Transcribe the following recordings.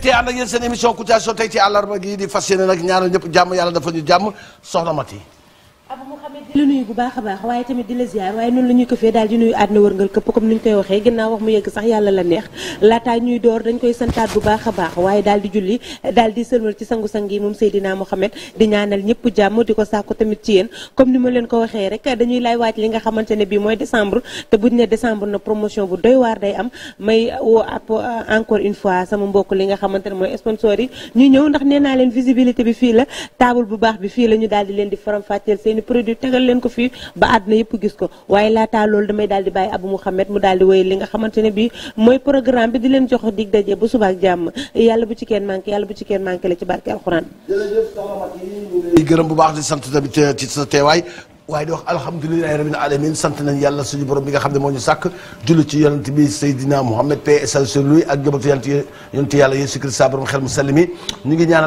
mbégte ànd ak yéen seen émission Kouthia Show tey ci àllarba gii di fas yéene nag ñaanal ñëpp jàmm yàlla dafa ñu jàmm soxna Mati lu nuyu bu baax a baax waaye tamit di la ziar waaye noonu la ñuy ko fee daal di nuyu àdduna wërngal këpp comme ni ñu koy waxee ginnaaw wax mu yegg sax yàlla la neex laataa ñuy door dañ koy santaat bu baax a baax euh, bi fii la table di leen di faram fàcceel seeni produit tëggal leen ko fii ba àddina yëpp gis ko waaye laataa loolu damay daal di bàyyi Abu Mouhamed mu daal di woy li nga xamante ne bi mooy programme bi di leen jox dig daje ba subaak jàmm yàlla bu ci kenn manqué yàlla bu ci kenn manqué la ci barke alxuraan. jërëjëf soxna Mati ñu ngi lay gërëm bu baax di sant tamit ci sa teewaay waaye di wax alhamdulilahi rabbil alamin sant nañ yàlla suñu borom bi nga xam ne moo ñu sàkk julli ci yonent bi Seydina Mouhamed paix et salut ak jabatu yonent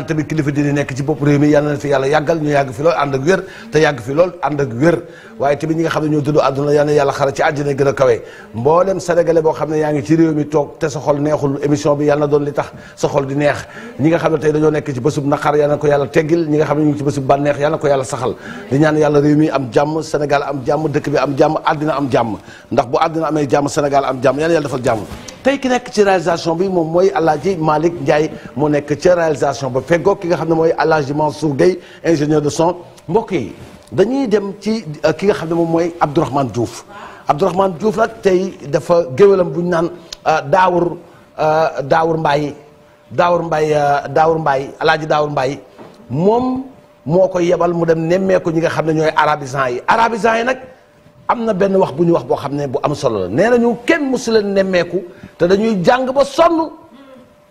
tamit yàlla yàggal ñu yàgg fi lool ànd ak wér te yàgg fi lool ànd ak wér waaye tamit ñi nga xam ne ñoo dund àdduna yàlla yàlla xara ci àjjana gën a kawe mboolem sénégalais boo xam ne yaa ngi ci réew mi toog te sa xol neexul émission bi yàlla doon li tax sa xol di neex ñi nga xam ne tey dañoo nekk na ko yàlla teggil ñi nga xam ne ñu ngi ci bésub bànneex jàmm Sénégal am jàmm dëkk bi am jàmm àddina am jàmm ndax bu àddina amee jàmm Sénégal am jàmm yàlla yàlla defal jàmm tey ki nekk ci réalisation bi moom mooy Alaaji malik Ndiaye moo nekk ci réalisation ba feggoo ki nga xam ne mooy Alaaji Mansour Gueye ingénieur de son mbokk yi dañuy dem ci euh, ki nga xam ne moom mooy Abdourahmane Diouf Abdourahmane Diouf nag tey dafa géwélam bu ñu naan euh, Daawur euh, Daawur Mbaye Daawur Mbaye Daawur Mbaye Alaaji Daawur Mbaye moo koy yebal mu dem nemmeeku ñi nga xam ne ñooy arabisants yi arabisants yi nag am na benn wax bu ñu wax boo xam ne bu am solo la nee nañu kenn mosu leen nemmeeku te dañuy jàng ba sonn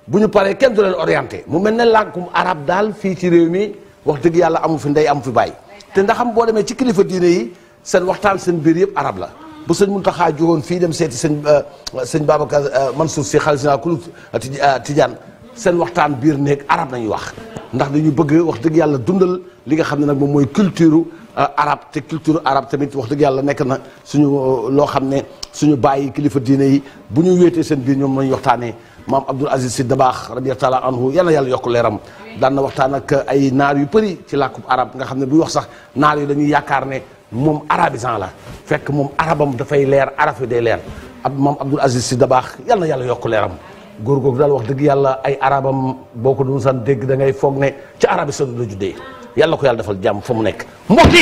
bu ñu paree kenn du leen orienté mu mel ne làkkum arab daal fii ci réew mi wax dëgg yàlla amu fi ndey amu fi bàyyi te ndaxam boo demee ci kilifa diine yi seen waxtaan seen biir yëpp arab la bu sëñ Muntaxa jógoon fii dem seeti sëñ euh, sëñ Babacar euh, Mansour si xaalis naa kulu euh, Tidiane seen waxtaan biir néeg arab nañu wax ndax dañu bëgg wax dëgg yàlla dundal li nga xam ne nag moom mooy culture euh, arab te culture arab tamit wax dëgg yàlla nekk na suñu euh, loo xam ne suñu bàyyi kilifa diine yi bu ñu wéetee seen biir ñoom lañu waxtaanee maam Abdoul Aziz Sy Dabakh radiyallahu taala anhu yal na yàlla yokk leeram daan na waxtaan ak ay naar yu bëri ci làkkub arab nga xam ne buy wax sax naar yi dañuy yaakaar ne moom arabisant la fekk moom arabam dafay leer arab yi day leer ak maam Abdoul Aziz Sy Dabakh yal na yàlla yokk leeram góor googu daal wax dëgg yàlla ay arabam boo ko doon san dégg da ngay foog ne ca arabi saudi la juddee yàlla ko yàlla defal jàmm fa mu nekk mbokk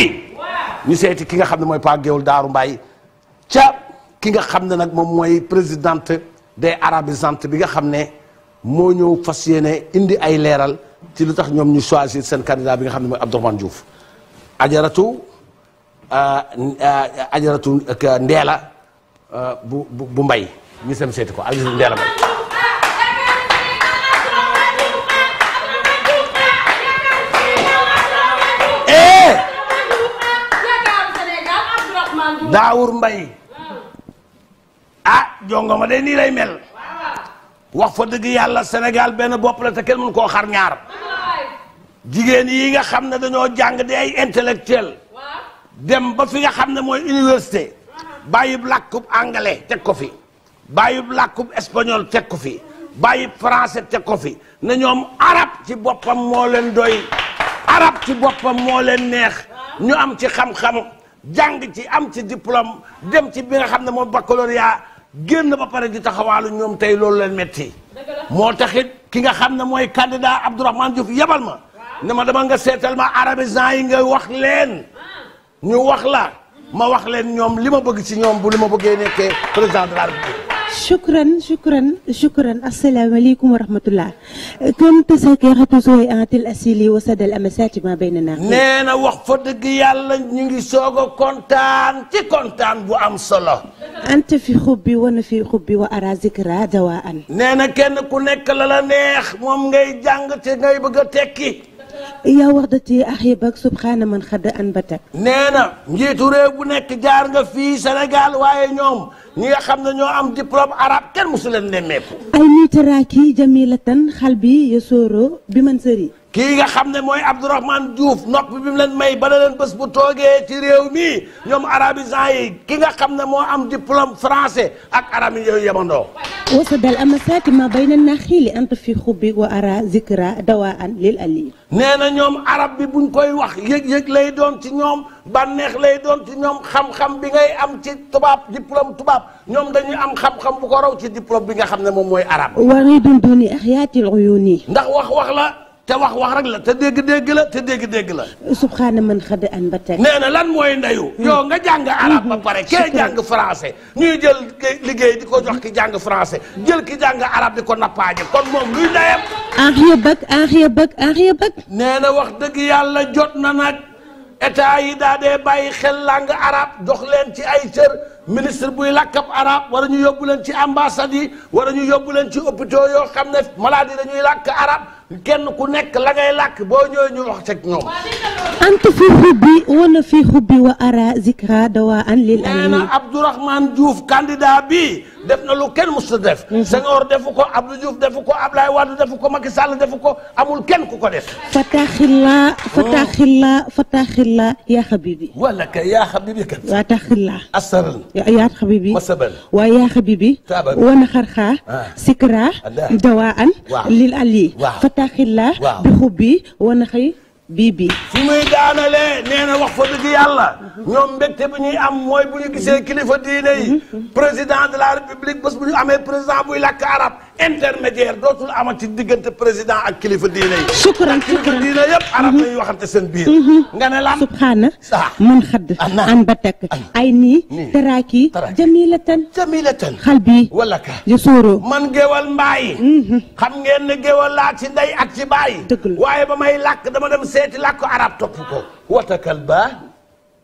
ñu seeti ki nga xam ne mooy Pa Géwal Daaru Mbaay ca ki nga xam ne nag moom mooy présidente des arabisantes bi nga xam ne moo ñëw fas yéene indi ay leeral ci lu tax ñoom ñu choisir seen candidat bi nga xam ne mooy Abdourahmane Diouf ajaratu euh, euh, ajaratu euh, ndeela bu mbay ñu sem seeti ko ajaratu ndeela mbay daawur mbay ah jongoma day nii mel wax fa dëgg yàlla Sénégal benn bopp la te kenn mun koo xar ñaar jigéen yi nga xam ne dañoo jàng di ay intellectuel dem ba fi nga xam ne mooy université bàyyib làkkub anglais teg ko fi bàyyib làkkub espagnol teg ko fi bàyyib français teg ko fi na ñoom arab ci boppam moo leen doy arab ci boppam moo leen neex ñu am ci xam-xam jàng ci am ci diplôme dem ci bi nga xam ne moom baccalauréat génn ba pare di taxawaalu ñoom tey loolu leen metti moo taxit ki nga xam ne mooy candidat Abdourahmane Diouf yebal ma na ma dama nga seetal ma arabisants yi nga wax leen ah. ñu wax la ma wax leen ñoom li ma bëgg ci ñoom bu li ma bëggee nekkee président de la شكرا شكرا شكرا السلام عليكم ورحمة الله كنت سكيخة زوي أنت الأسيلي وسد الأمسات ما بيننا نينا وقف دق يالا نيجي سوغو كونتان تي كونتان بو أم صلو أنت في حبي وأنا في حبي وأرى ذكرى دواء نينا كن كنك للا نيخ موم ngay jàng te ngay bëgg a tekki yaa wax dati ax yi bak subxaana man xadd an batak nee na njiitu réew bu nekk jaar nga fii Sénégal waaye ñoom ñi nga xam ne ñoo am diplôme arabe kenn mosu leen nemmeeku ay niitaraaki jamilatan xal bi yosoro bi man sëri kii nga xam ne mooy Abdourahmane Diouf nopp bi mu leen may ba leen bés bu toogee ci réew mi ñoom arabisant yi ki nga xam ne moo am diplôme français ak arab yi yooyu yemandoo wasadal amasati ma bay na na xiili ant fi xubbi wa ara zikra dawa an lil ali nee na ñoom arab bi buñ koy wax yëg-yëg lay doon ci ñoom bànneex lay doon ci ñoom xam-xam bi ngay am ci tubaab diplôme tubaab ñoom dañuy am xam-xam bu ko raw ci diplôme bi nga xam ne moom mooy arab wari dun duni axyaatil uyuni ndax wax te wax wax rek la te dëgg dëgg la te dégg-dégg la. subxaana man xad an ba tey. nee na lan mooy ndeyu. Hmm. yow nga jàng arab ba hmm. pare. kee jàng français. ñuy jël liggéey di ko jox ki jàng français jël ki jàng arab di ko nappaaje kon moom luy ndeyam. enriyé bëgg enriyé bëgg enriyé bëgg. wax dëgg yàlla jot na nag état yi daa dee bàyyi xel langue arab jox leen ci ay cër. ministre buy làkkab arab war ñu yóbbu leen ci ambassade yi war ñu yóbbu leen ci hôpitaux yoo xam ne malade yi dañuy làkk arab. kenn ku nekk la ngay làkk boo ñëwee ñu wax ceg ñoom anta fi xubbi wala fi xubbi wa ara zikra dawa an lil alamin nee na Abdourahmane bi def na lu kenn musta def mhm. Senghor defu ko Abdou Diouf defu ko Abdoulaye Wade defu ko Macky Sall defu ko amul ken ku ko def fataxilla oh. fataxilla fataxilla yaa xabibi wala ya yaa xabibi kat waa taxilla asaran yaa xabibi masaban waa yaa lil ali astaxillah bi xubbi wana xëy bii bii fi muy daanalee nee na wax fa dëgg yàlla ñoom mbégte bi ñuy am mooy bu ñu gisee kilifa diine yi mm-hmm. président de la république bés bu ñu amee président buy làkk arab intermédiaire dootul amati diggante président ak kilifa diine yi. sukkuran kilifa diine yëpp arab mm-hmm. la ñuy waxante seen biir. Mm-hmm. nga ne lan subhaana. man xadd an ba tekk ay nii. taraaki jamilatan jamilatan xal bii. wala ka di sóoroo. man géwal mbaayi. Mm-hmm. xam ngeen ne géwal laa ci ndey ak ci baayi. waaye ba may làkk dama dem seeti làkk arab topp ko. watakal ba.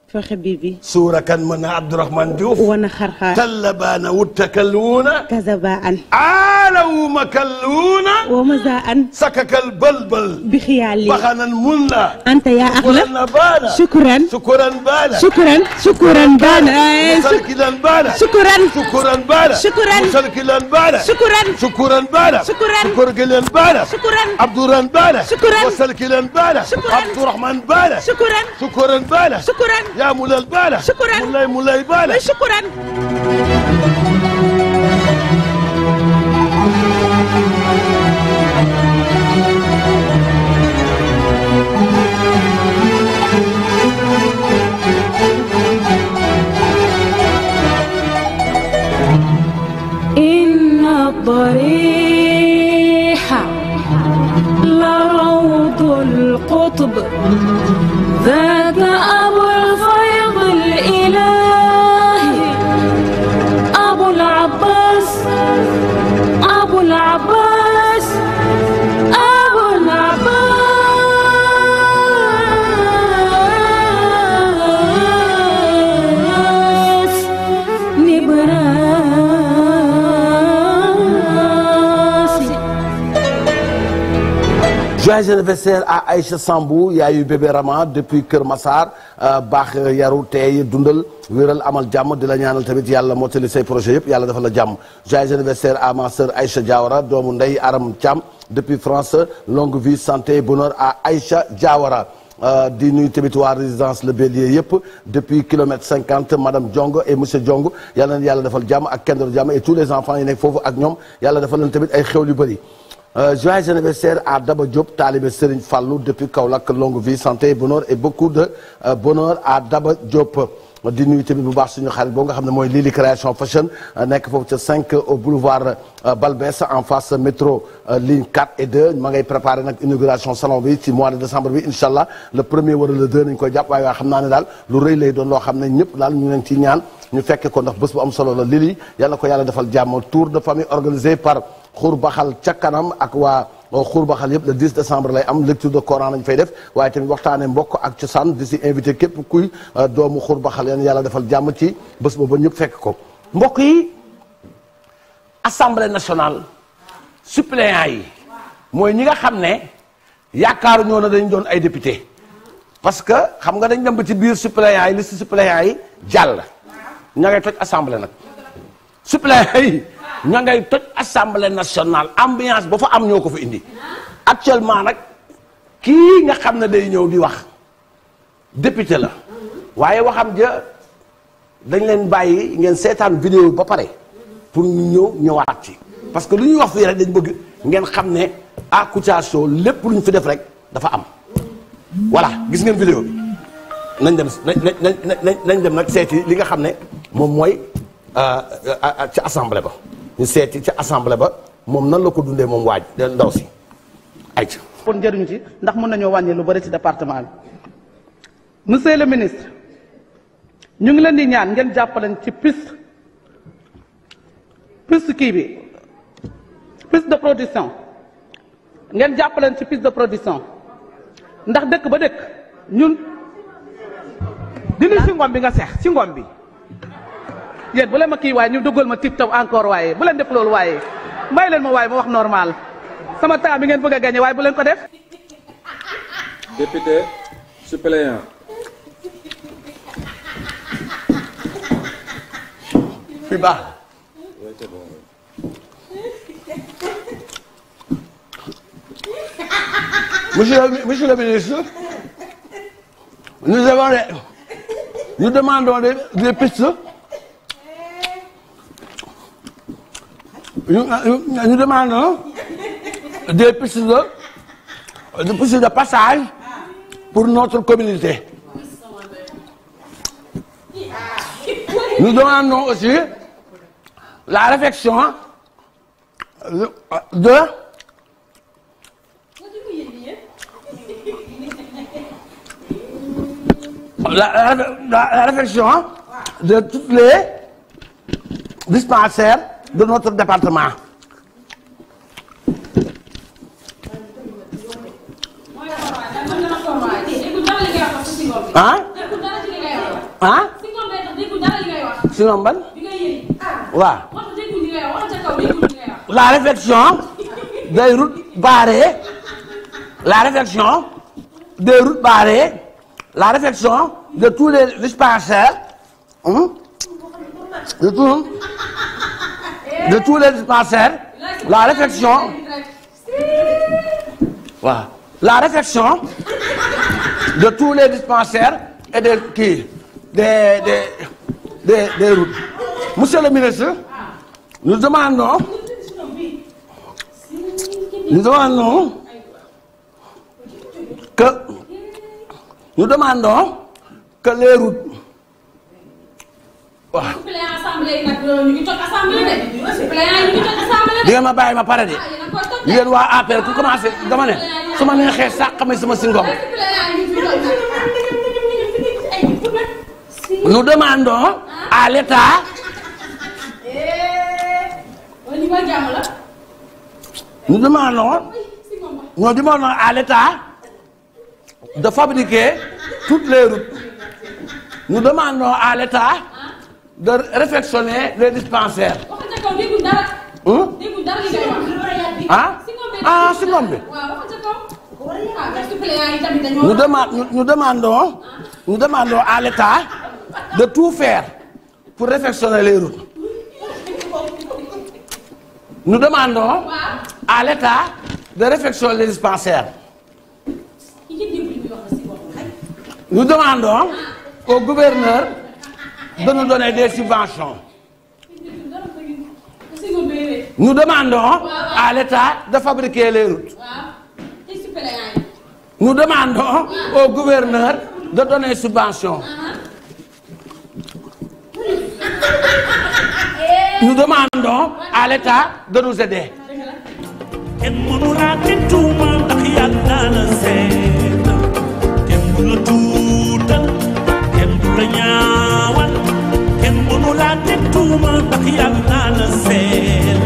fa xabibi suura kan mën na Abdourahmane Diouf wana xarxaar tallabaana wuttakalluuna kazabaan aalawuma kalluuna wa mazaan sakakal balbal bi xiyaali baxanan mun la anta yaa axla baana sukuran sukuran baana sukuran sukuran baana musalkilan baana sukuran sukuran baana sukuran musalkilan baana sukuran sukuran baana sukuran sukurgilan baana sukuran abduran baana sukuran musalkilan baana abdourahman baana sukuran sukuran baana sukuran يعمل البالة شكرا مولاي مولاي بالة شكرا إن الضريح لروض القطب ذات أبرار Joyeux anniversaire à Aïcha Sambou yaayu bébé Rama depuis Kër Massar euh, baax yaru teey dundal wéral amal jàmm di la ñaanal tamit yàlla mottali say projet yëpp yàlla dafa la jàmm joyeux anniversaire à ma sœur Aïcha Diawara doomu ndey Aram Thiam depuis France longue vie santé bonheur à Aïcha Diawara euh, di nuyu tamit waa résidence Le Bélier yëpp depuis kilomètre 50 madame Diongo et monsieur Diongo yàlla na yàlla defal jàmm ak kenn du jàmm et tous les enfants yi nekk foofu ak ñoom yàlla defal leen tamit ay xew yu bëri. Euh, joyeux anniversaire à Daba Diop taalibe Serigne Fallou depuis Kaolack longue vie santé bonheur et beaucoup de euh, bonheur à Daba Diop. di nuyu tamit bu baax suñu xarit boobu nga xam ne mooy Lili Création Fashion euh, nekk foofu ca 5 au boulevard Balbès en face métro ligne 4 et 2 ma ngay préparé nag inauguration salon bi ci mois de décembre bi incha allah le premier wala le deux nañ koy jàpp waaye waaye xam naa ne daal lu rëy lay doon loo xam ne ñëpp daal ñu ñaan ñu fekke ndax bés am solo la Lili yàlla ko yàlla defal jàmm tour de famille organisé par. baxal ca kanam ak waa oh, baxal yëpp le 10 décembre lay am lecture de Coran lañ fay def waaye tamit waxtaane mbokk ak cosaan di si invité képp kuy uh, doomu xurbaxal yéen yàlla defal jàmm ci bés boobu ñëpp fekk ko mbokk yi assemblée nationale suppléants yi mooy ñi nga xam ne yaakaaru ñoo na dañ doon ay député parce que xam nga dañ dem ba ci biir suppléants yi liste suppléants yi jàll ña ngay toj assemblée nag suppléants yi ña ngay toj assemblée nationale ambiance ba fa am ñoo ko fa indi actuellement nag kii nga xam ne day ñëw di wax député la waaye waxam ja dañ leen bàyyi ngeen seetaan vidéo ba pare pour ñu ñëw ñëwaat ci parce que lu ñuy wax fi rek dañ bëgg ngeen xam ne à Kouthia Show lépp lu ñu fi def rek dafa am voilà gis ngeen vidéo bi nañ dem nañ nañ nañ dem nag seeti li nga xam ne moom mooy euh, euh, euh, ci assemblée ba ñu seeti ci assemblée ba moom nan la ko dundee moom waaj ndaw si ay pour njëriñu ci ndax mën nañoo wàññi lu bari ci département bi monsieur le ministre ñu ngi leen di ñaan ngeen jàppaleen ci piste piste kii bi piste de production ngeen jàppaleen ci piste de production ndax dëkk ba dëkk ñun dindi si ngom bi nga seex si ngom bi yéen bu leen ma kii waaye ñu duggal ma tip taw encore waaye bu leen def loolu waaye may leen ma waaye ma wax normal sama temps bi ngeen bëgg a gagné waaye bu leen ko def. député suppléant. fi ñu ñu demande de des de passage pour notre communauté. Nous demandons aussi la réflexion de la, réflexion de toutes les dispensaires de notre département. ah. ah. sinon ban. waaw. la réflexion des routes barrées la réflexion des routes barrées la réflexion de tous les dispensaires de tout. de tous les dispensaires la réflexion waaw la réflexion de tous les dispensaires et de kii des des des des monsieur le ministre nous demandons nous demandons que nous demandons que les routes waaw suppléant assemblée ma bàyyi ma pare de. Ah, waa APR ku commencé dama ne su ma sàq ma sama si ngom. à l'État. Eh, nous demandons à l'État de fabriquer toutes les routes nous demandons à l'État de réfectionner les dispensaires. ah si ngom ah, ah, nous demandons à l'État de tout faire pour réfectionner les routes. nous demandons à l'État de réfectionner les dispensaires. nous demandons ah. au gouverneur. de nous donner des subventions. Nous demandons à l'État de fabriquer les routes. Nous demandons au gouverneur de donner des subventions. Nous à l'État de nous aider. mu laal te tuuma ndax yàlla naa la seel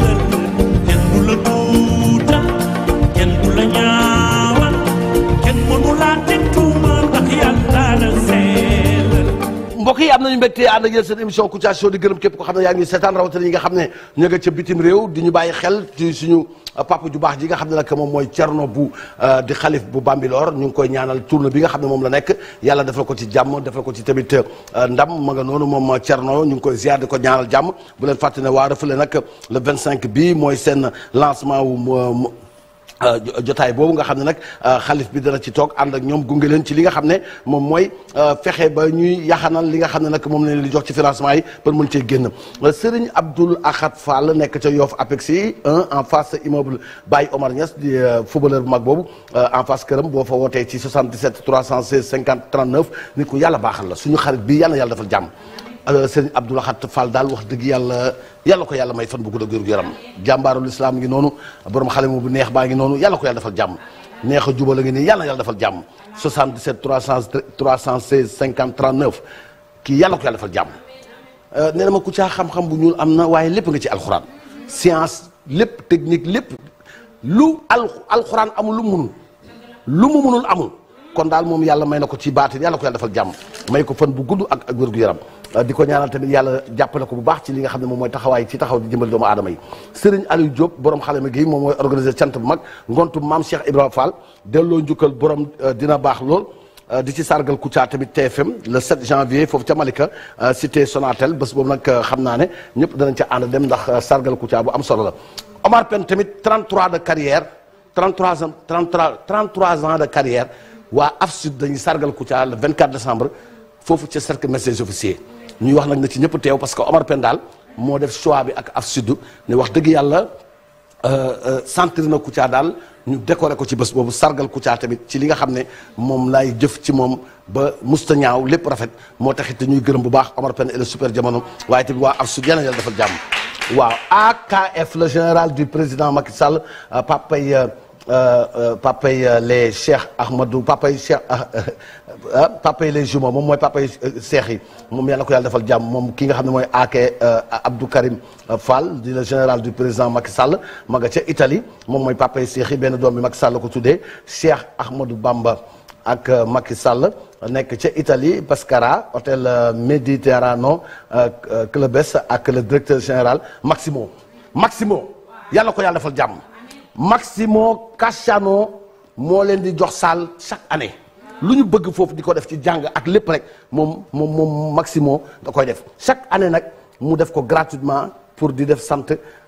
mbokk yi am nañu mbégte ànd ak yéen seen émission Kouthia Show di gërëm képp ko xam ne yaa ngi seetaan rawatina yi nga xam ne ñu ca bitim réew di ñu bàyyi xel ci suñu euh, papa ju baax ji nga xam ne nag moom mooy Cerno bu euh, di xalif bu Bambilor ñu ngi koy ñaanal tournée bi nga xam ne moom la nekk yàlla defal ko ci jàmm defal ko ci tamit euh, ndam ma nga noonu moom Cerno ñu ngi koy ziar ko ñaanal jàmm bu leen fàtte ne waa Rëfule nag le 25 bi mooy seen Euh, jotaay boobu nga xam ne nag euh, xalif bi dana ci toog ànd ak ñoom gunge leen ci li nga xam ne moom mooy euh, fexe ba ñuy yaxanal li nga xam ne nag moom leen di jox ci financement yi pour mën cee génn Serigne Abdoul Ahad Fall nekk ca Yoff Apexi en face immeuble Baye Omar Niass di footballeur bu mag boobu en face këram boo fa wootee ci 77 316 50 39 nit ku yàlla baaxal la suñu xarit bi yàlla yàlla defal jàmm sëñ Abdou Lahad Fall daal wax dëgg yàlla yàlla ko yàlla may fan bu gudd ak wér-gu-yaram jàmbaarul islaam ngi noonu borom xale mu bu neex baa ngi noonu yàlla ko yàlla defal jàmm neex a jubal a ngi nii yàlla yàlla defal jàmm 77 300 316 50 39 kii yàlla ko yàlla defal jàmm euh, nee na ma ku bu ñuul am na waaye lépp nga ci alxuraan science lépp technique lépp lu alxuraan amul lu mu lu mu munul kon daal moom yàlla may na ko ci baat yàlla ko yàlla jàmm may ko fan bu gudd ak ak wér yaram Euh, di ko ñaanal tamit yàlla jàppale ko bu baax ci li nga xam ne moom mooy taxawaay ci taxaw di jëmbal doomu aadama yi Serigne Aliou Diop borom xalima gi moom mooy organiser cant bu mag ngontu maam Cheikh Ibrahima Fall delloo njukkal borom euh, dina baax lool euh, di ci sargal Kouthia tamit TFM le 7 janvier foofu ca Malika cité Sonatel bés boobu nag xam naa ne ñëpp danañ ca ànd dem ndax sargal Kouthia bu am solo la Omar Pène tamit 33 de carrière 33 ans 33 33 ans de carrière waa AFSUD dañuy sargal Kouthia le 24 décembre foofu ca cercle message officier ñuy wax nag na ci ñëpp teew parce que Omar Pène daal moo def choix bi ak Afsud ne wax dëgg yàlla sentir euh, euh, na Kouthia daal ñu décorer ko ci bés boobu sargal Kouthia tamit ci li nga xam ne moom laay jëf ci moom ba musta ñaaw lépp rafet moo taxit te ñuy gërëm bu baax Omar Pène et le super jamono waaye tamit waa Afsud yal na yàlla defal jàmm waaw AKF le général du président Macky Sall euh, Pape Paye Euh, euh, papay euh, le Cheikh Ahmadou papay Cheikh papay les jumeaux moom mooy papay Cheikh yi moom yàlla ko yàlla defal jàmm moom ki nga xam ne mooy Aake Abdou Karim Fall di le général du président Macky Sall ma ca itali moom mooy papay Cheikh benn doom bi Macky Sall ko tuddee Cheikh Ahmadou Bamba ak Macky Sall nekk ca Italie Pescara hôtel Méditerrano Clubes ak le directeur général Maximo Maximo yàlla ko yàlla defal jàmm Maximo Cacciano moo leen di jox salle chaque année lu ñu bëgg foofu di ko def ci jàng ak lépp rek moom moom moom Maximo da koy def chaque année nag mu def ko gratuitement pour di def sant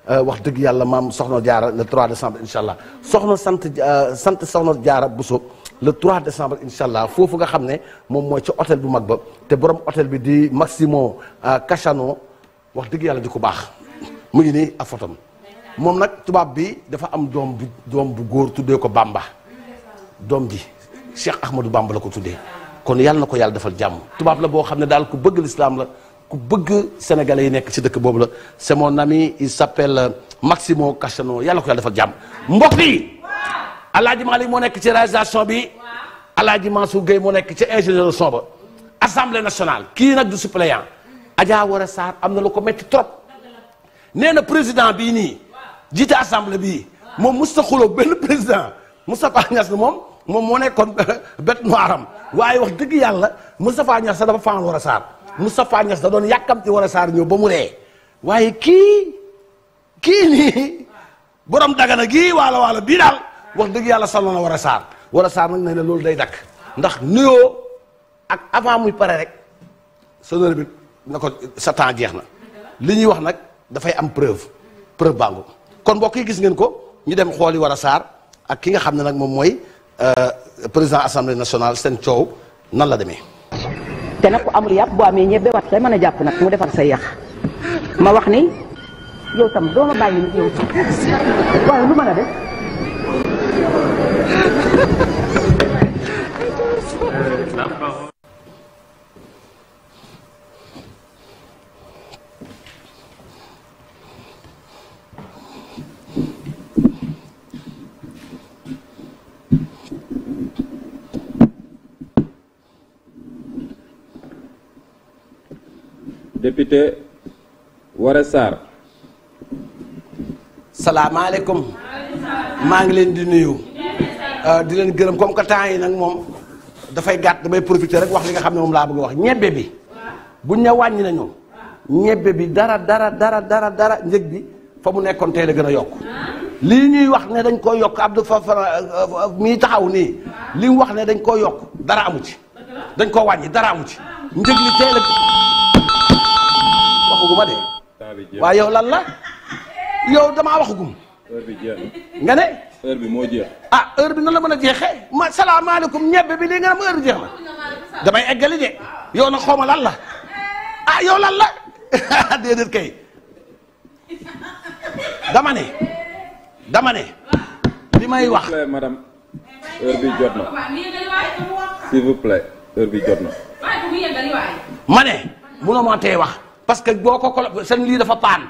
euh, wax dëgg yàlla maam soxna jaara le 3 décembre incha allah soxna sant euh, sant soxna jaara Bousso le trois décembre incha allah foofu nga xam ne moom mooy ci hôtel bu mag ba te borom hôtel bi di Maximo euh, Cacciano wax dëgg yàlla di ko baax mu ngi nii ak fotom moom nag tubaab bi dafa am doom bu bu góor tuddee ko bàmba doom ji Cheikh Ahmadou Bamba la ko tuddee kon yàlla na ko yàlla defal jàmm tubaab la boo xam ne daal ku bëgg lislaam la ku bëgg sénégalais yi nekk ci dëkk boobu la c'est mon ami il s'appelle euh, Maximo Cachano yàlla ko yàlla defal jàmm mbokk yi Alaaji Malick moo nekk ci réalisation bi Alaaji Mansour Gueye moo nekk ci ingénieur de son ba assemblée nationale kii nag du suppléant Adja Wara Sarr am na lu ko métti jiite assemblée bii moom mosut a xuloo benn président Moustapha Niass moom moom moo nekkoon bête noire am waaye wax dëgg yàlla Moustapha Niass dafa a saar mu Moustapha Niass da doon yàkkamti a saar ñëw ba mu ree waaye kii kii nii borom dagana gii waala waala bii daal wax dëgg yàlla saloon na Woré Sarr Woré Sarr nag ne ne loolu day dakk ndax nuyoo ak avant muy pare rek sonore bi na ko sa temps jeex na li ñuy wax nag dafay am preuve preuve kon mbokk yi gis ngeen ko ñu dem xooli a saar ak ki nga xam ne nag moom mooy euh, président assemblée nationale seen coow nan la demee. te nag ku amul yàpp boo amee ñebe wat say mën a jàpp nag mu defal sa yàq ma wax ni yow tam doo ma bàyyi yow waaye lu mën a def. député Ware Sarr salaamaaleykum maa ngi leen di nuyu euh, di leen gërëm comme que temps yi nag moom dafay gàtt damay profiter rek wax li nga xam ne moom laa bëgg wax ñebbe bi buñ ne wàññi nañu ñebbe bi dara dara dara dara dara njëg bi fa mu nekkoon tey la gën a yokk lii ñuy wax ne dañ koo yokk Abdou Fafa mii taxaw nii li mu wax ne dañ koo yokk dara amu ci dañ koo wàññi dara amu ci njëg li tey waxuguma de. yow lan la yow damaa waxugum. heure bi moo jeex. ah heure bi nan la mën a jeexee ma salaamaaleykum ñebe bi lii nga ne ma jeex na damay eggali de yow nag xaw ma la ah yow lan la déedéet kay dama ne dama ne wax. parce que boo ko ko seen lii dafa paan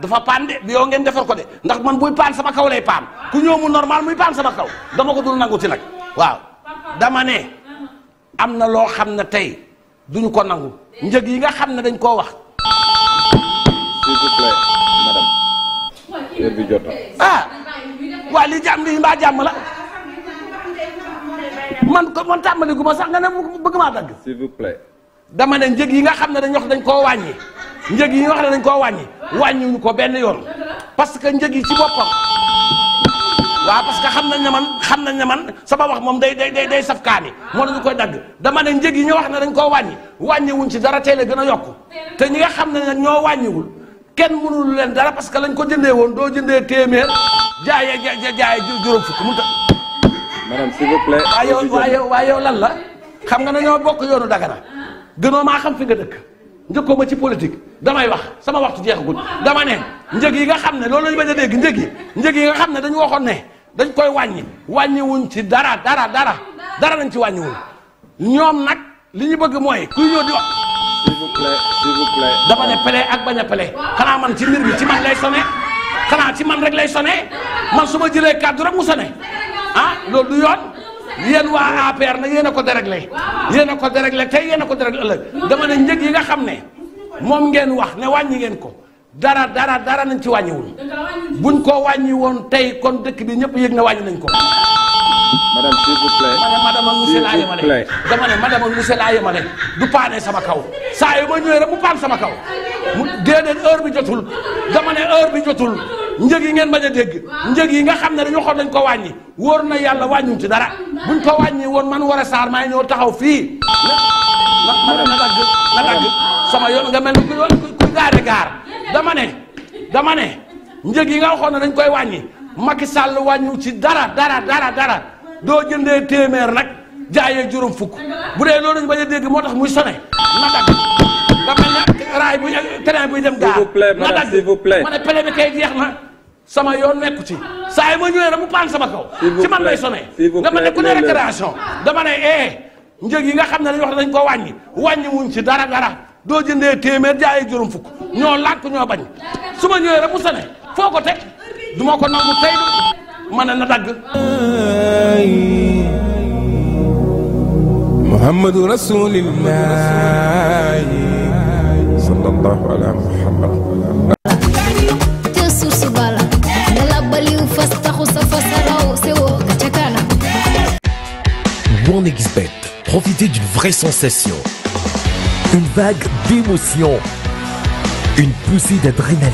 dafa paan de bi yow ngeen defar ko de ndax man buy paan sama kaw lay paan ku ñëw mu normal muy paan sama kaw dama ko dul nanguti nag waaw dama ne am na loo xam ne tey duñu ko nangu njëg yi nga xam ne dañ koo wax ah waa li jàmm li mbaa jàmm la man ko man tàmbali gu ma sax nga ne bëgg maa dagg dama ne njëg yi nga xam ne dañ dañ koo wàññi njëg yi nga wax ne dañ koo wàññi wàññiwuñu ko benn yoon parce que njëg yi ci boppam waaw parce que xam nañ ne man xam nañ ne man sama wax moom day day day day saf kaani moo dañu koy dagg dama ne njëg yi ñu wax ne dañ koo wàññi wàññiwuñ ci dara teel a gën a yokk te ñi nga xam ne ñoo wàññiwul kenn mënul leen dara parce que lañ ko jëndee woon doo jëndee téeméer jaayee jaayee juróom fukk mun ta madame s'il vous plaît waaye yow waaye yow lan la xam nga dañoo bokk yoonu Dagana gënoo maa xam fi nga dëkk njëkkoo ma ci politique damay wax sama waxtu jeexagul dama ne njëg yi nga xam ne loolu la ñu bañ a dégg njëg yi njëg yi nga xam ne dañu waxoon ne dañ koy wàññi wàññiwuñ ci dara dara dara dara dañ ci wàññiwuñ ñoom nag li ñu bëgg mooy kuy ñëw di wax. s'il dama ne pele ak baña a pele xanaa man ci mbir bi ci man lay sonné xanaa ci man rek lay sonné man su ma jëlee kàddu rek mu sonné ah loolu du yoon. yéen waa APR nag yéen a ko déréglé yéen a ko déréglé tey yéen a ko déréglé ëllëg dama ne njëg yi nga xam ne moom ngeen wax ne wàññi ngeen ko dara dara dara nañ ci wàññiwul buñ ko wàññi woon tey kon dëkk bi ñëpp yëg na wàññi nañ ko madame s'il vous plaît madame ak monsieur laa yemale dama ne madame ak monsieur laa yemale du paane sama kaw saa yu ma rek mu paan sama kaw mu déedéet heure bi jotul dama ne heure bi jotul njëg yi ngeen bañ a dégg njëg yi nga xam ne dañu xool nañ ko wàññi wóor na yàlla wàññuñ ci dara buñ ko wàññi woon man war a saar maa ñëw taxaw fii na na na dagg na dagg sama yoon nga mel gaar dama ne dama ne njëg yi nga xool ne dañ koy wàññi Macky sàll wàññu ci dara dara dara dara doo jëndee téeméer nag jaayee juróom fukk bu dee loolu lañ bañ a dégg moo tax muy sone na dagg dafa ñàkk raay bu train buy dem gaar na dagg ma pele bi kay jeex na sama yoon nekku ci saa yi ma ñëwee rek mu paan sama kaw. ci man lay sone nga ma ne ku ne récréation dama ne eh njëg yi nga xam ne dañu dañ ko wàññi wàññi ci dara dara doo jëndee téeméer jaayee juróom fukk ñoo lànk ñoo bañ su ma ñëwee rek mu sonné foo ko teg du ma ko nangu tey ma ne na dagg. Muhammadu Rasulillah sallallahu ala Muhammad Bon Nexbet, profitez d'une vraie sensation. Une vague d'émotions. Une poussée d'adrénaline.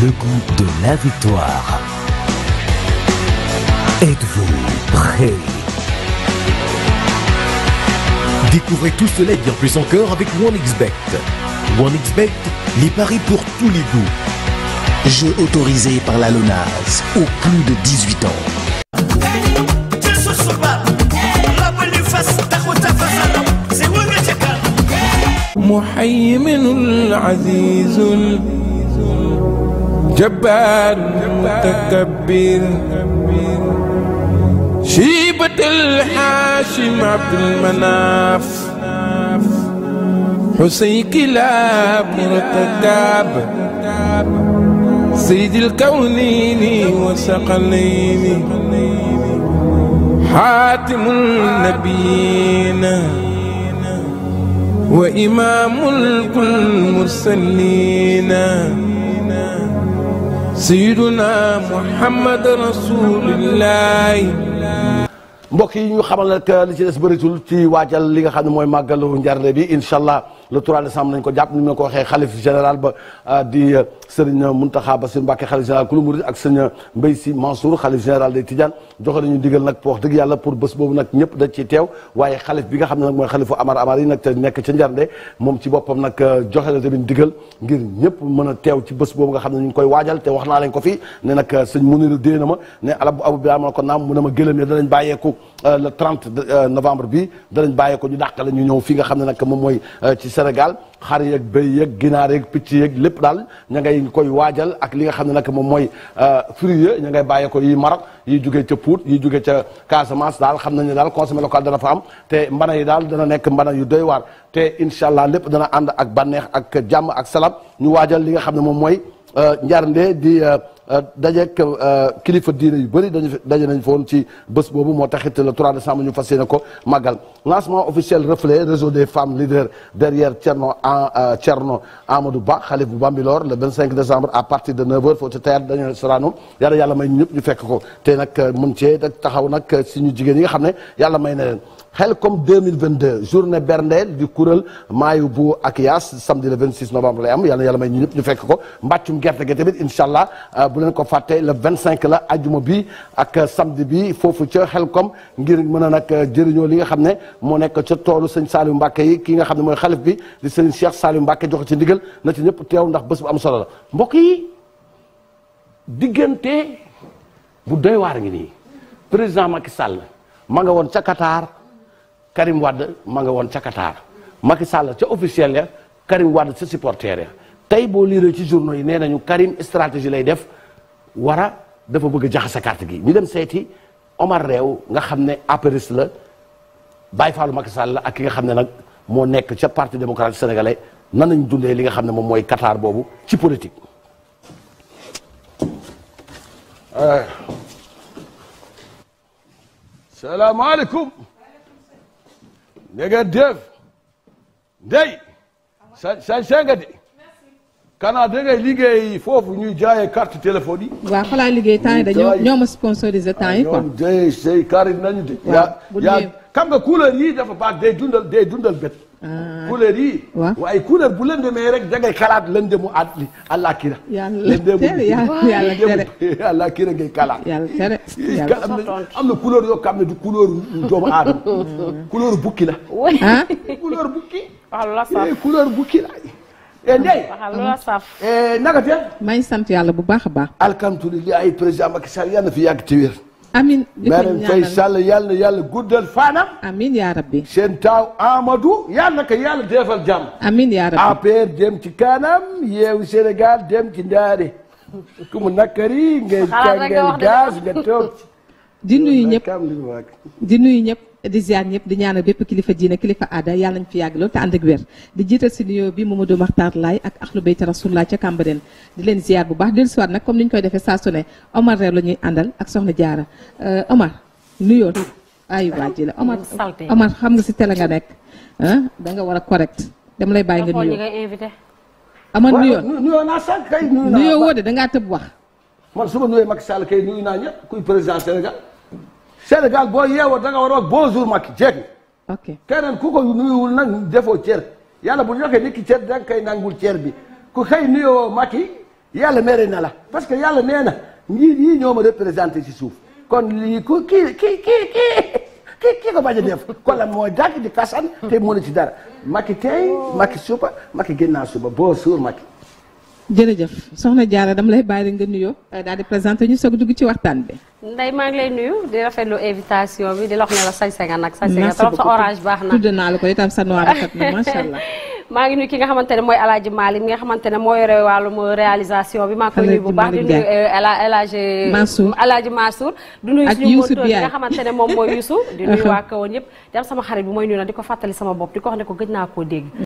Le goût de la victoire. Êtes-vous prêt Découvrez tout cela et bien plus encore avec OneXBet. OneXBet, les paris pour tous les goûts. Jeu autorisé par la LONAS aux plus de 18 ans. المحيمن العزيز الجبار المتكبر شيبة الحاشم عبد المناف حسين كلاب مرتكاب سيد الكونين وثقلين حاتم النبيين وإمام المرسلين سيدنا محمد رسول الله mbokk yi ñu xamal nag li ci des bëritul ci waajal li nga xam ne mooy màggalu njarle bi incha allah le 3 décembre nañ ko jàpp ni ma ko waxee xalif général ba ah, di sëriñ Mountakha Bassirou Mbacké xalif général kulu murid ak sëriñ Mbaye si Mansour xalif général des Tidianes joxe nañu digal nag wax dëgg yàlla pour bés boobu nag ñëpp dañ ciy teew waaye xalif bi nga xam ne nag mooy xalifu amar amar yi nag nekk ca njarnde moom ci boppam nag euh, joxe na tamit digal ngir ñëpp mën a teew ci bés boobu nga xam ne ñu ngi koy waajal te wax naa leen ko fi ne nag euh, sëñ Muniru dee na ma ne abu bi na ko naam mu ne ma gëlëm ne danañ bàyyeeku euh, le 30 novembre bi danañ bàyyeeku ñu dàqale ñu ñëw fii nga xam ne nag moom mooy ci Sénégal xar yeeg béy yeeg ginaar yeeg picc yeeg lépp daal ña ngay koy waajal ak li nga xam ne nag moom mooy euh, fruits ya ña ngay bàyyee yi Maroc yi jugee ca Pout yi jugee ca Casamance daal xam nañu daal consommé local dana fa am te mbana yi daal dana nekk mbana yu doy waar te incha allah lépp dana ànd ak bànneex ak jàmm ak salam ñu waajal li nga xam ne moom mooy euh, njarnde di euh, Euh, dajeek euh, kilifa diine yu bari dañu daje nañ fa woon ci bés boobu moo taxit le 3 décembre ñu fas yéene ko màggal lancement officiel reflet réseau des femmes leaders derrière Thierno euh, Thierno Amadou Ba xalif bu Bambilor le 25 décembre à partir de 9h foofu ci théâtre Daniel Sorano yàlla yàlla may ñëpp ñu fekk ko te nag mën cee taxaw nag suñu jigéen yi nga xam ne yàlla may na leen xel comme 2022 journée berndeel di kuréel maayu bu ak yaas samedi le 26 novembre lay am yàlla yàlla may ñu ñu fekk ko mbàccum gerte gi tamit incha allah bu leen ko fàtte le 25 la ajuma bi ak samedi bi foofu ca xel xelkom ngir mën a nag jëriñoo li nga xam ne moo nekk ca toolu sëñ Saliou Mbacke yi kii nga xam ne mooy xalif bi di sëñ Cheikh Saliou Mbacke joxe ci ndigal na ci ñëpp teew ndax bés bu am solo la mbokk yi diggante bu doy waar ngi nii président Macky Sall ma nga woon ca Qatar Karim Wade ma nga woon ca Qatar Macky Sall ca officiel ya Karim Wade ca supporter ya tey boo liiree ci journaux yi nee nañu Karim stratégie lay def wara dafa bëgg a jaxase carte gi ñu dem seeti Omar Réew nga xam ne apéris la Baye Fallou Macky Sall la ak ki nga xam ne nag moo nekk ca parti démocratique sénégalais nan lañ dundee li nga xam ne moom mooy Qatar boobu ci politique. kana dangay liggéey foofu ñuy jaayee carte téléphone yi. waaw fa liggéey temps yi dañoo ñoo ma sponsorisé temps yi quoi. ñoom say kari nañu de. yaa couleur yi dafa baax day dundal day dundal bët. Ah. couleur yi. waaw waaye couleur bu lëndëmee rek dangay xalaat lëndëmu at li àllakira. yàlla tere yàlla tere lëndëmu àllakira ngay xalaat. yàlla tere yàlla am na couleur yoo xam ne du couleur doomu aadama. Ah. couleur bukki la. ah couleur ah, eh, couleur bukki la. Eh, ndey eh, naka te maa ngi sant yàlla bu baax a baax alhamdulilah ay président Macky Sall yàlla fi yàgg ci amin Marème yàlla yàlla guddal faanam amin yaa rabbi seen taaw Amadou yàlla ko yàlla defal jàmm amin yaa rabbi dem ci kanam yeewu Sénégal dem ci ndaare ku mu nakkari ngay gaz nga toog di nuyu ñëpp di ziar ñëpp di ñaanal bépp kilifa diina kilifa aada yàlla nañ fi yàgg lool te ànd ak wér di jiital si nuyoo bi Mamadou a Laye ak ahlu bayt rasulullah ca Cambérène di leen ziar bu baax dellu siwaat nag comme ni ñu koy defee saa ne Omar Rew la àndal ak soxna Jaara euh, Omar nuyoo da nga war a correct dama lay nuyoo naa sànq nuyoo woo de dangaa tëb wax Sénégal boo yeewoo da nga war a wax bonjour Macky jeeg na. ok keneen ku ko nuyuwul nag defoo cër yàlla bu ñu waxee nit ki cër da nga koy nangul cër bi ku xëy nuyoo Macky yàlla mere na la parce que yàlla nee na ñii ñii ñoo ma représenté si suuf kon lii ku kii kii kii kii. ki ki ko bañ a def kon la mooy dagg di kasan te mënu ci dara Macky tey Macky suba Macky génnaa suba boo suur Macky jërëjëf soxna Diarra dam lay bàyyi nga nuyoo euh, daal di présenté ñu soog dugg ci waxtaan bi. Ndeye maa ngi lay nuyu di rafetlu invitation bi di la wax ne la sañse nga nag. sañse nga trop sa orange baax na. tudd naa sa noir macha allah. maa ngi nuyu ki nga xamante ne mooy El Hadj Malick mi nga xamante ne mooy yore wàllum réalisation bi maa ngi koy nuyu bu baax di nuyu euh, El Hadj Mansour El euh, Hadj Mansour di nuyu suñu monteur bi nga xamante ne moom mooy Youssou di nuyu waa kawoon yëpp di am sama xarit bi mooy nuyu na di ko fàttali sama bopp di ko wax ne ko gëj naa koo dégg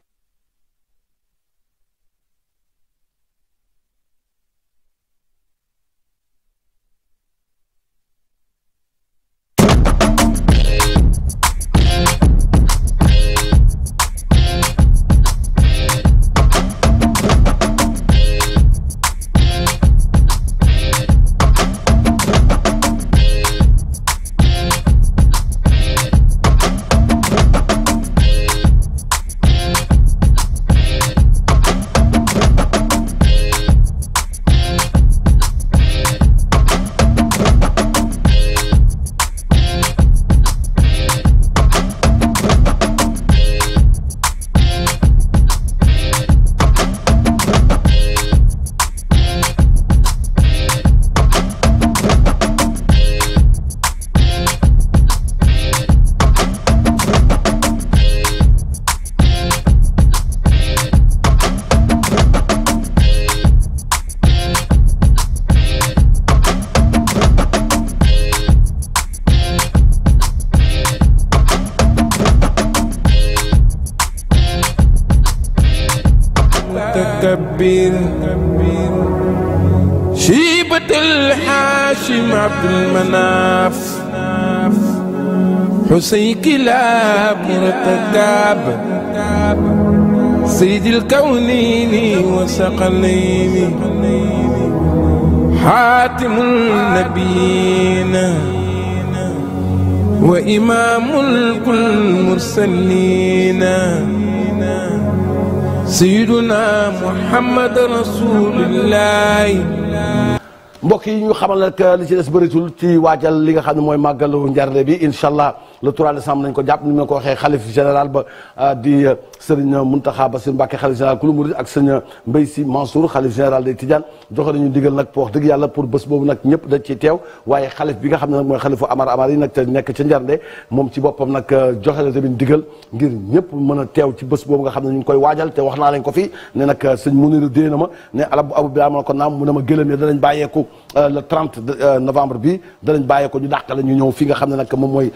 قوسي كلاب مرتداب سيد الكونين وثقلين حاتم النبيين وإمام الكل مرسلين سيدنا محمد رسول الله mbokk yi ñu xamal nag li ci des bëritul ci waajal li nga xam ne mooy màggalu njarne bi incha allah le 3 décembre nañ ko jàpp ni ma ko waxee xalif général ba ah, di euh, sëriñ Muntaxa Basiru Mbàkke xalif général kulu murid ak sëñ Mbay Si Mansour xalif général des Tidiane joxe nañu digal nag wax dëgg yàlla pour bés boobu nag ñëpp dañ ciy teew waaye xalif bi nga xam ne mooy xalifu amar amar yi nag te nekk ca njarnde moom ci boppam nag euh, joxe na tamit digal ngir ñëpp mën a teew ci bés boobu nga xam ne ñu ngi koy waajal te wax naa leen ko fii ne nag euh, sëñ Muniru dee na ma ne alabu ma ko naam mu ne ma gëlëm ya danañ bàyyeeku le 30 novembre bi danañ bàyyeeku ñu dàqale ñëw fi nga xam ne nag moom mooy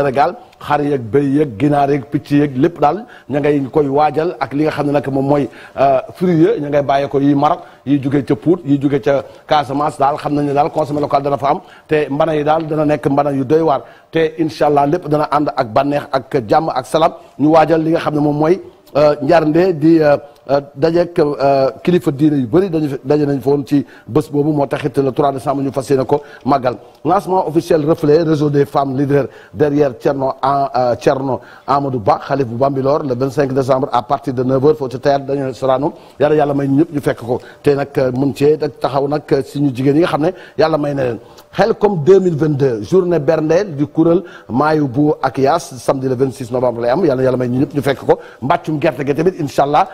Sénégal xar yeeg béy yeeg ginaar yeeg picc yeeg lépp daal ña ngay koy waajal ak li nga xam ne nag moom mooy euh, fruits ya ña ngay bàyyee yi Maroc yi jóge ca Pout yi juge ca Casamance daal xam nañ ne daal consommé local dana fa am te mbana yi daal dana nekk mbana yu doy waar te incha allah lépp dana ànd ak banneex ak jàmm ak salaam ñu waajal li nga xam ne moom mooy euh, njarnde di euh, Euh, dajeek euh, kilifa diine yu bëri dañu daje nañ fa woon ci bés boobu moo taxit le 3 décembre ñu fas ko màggal lancement officiel reflet réseau des femmes leaders derrière Thierno en euh, Thierno Amadou Ba xalif bu Bambilor le 25 décembre à partir de 9h foofu ci théâtre dañu saraanu yàlla yàlla may ñëpp ñu fekk ko te nag mën cee taxaw nag suñu jigéen yi nga xam ne yàlla may na leen xel comme 2022 journée berndeel di kuréel maayu bu ak yaas samedi le 26 novembre lay am yàlla yàlla may ñu ñëpp ñu fekk ko mbàccum gerte gi tamit incha allah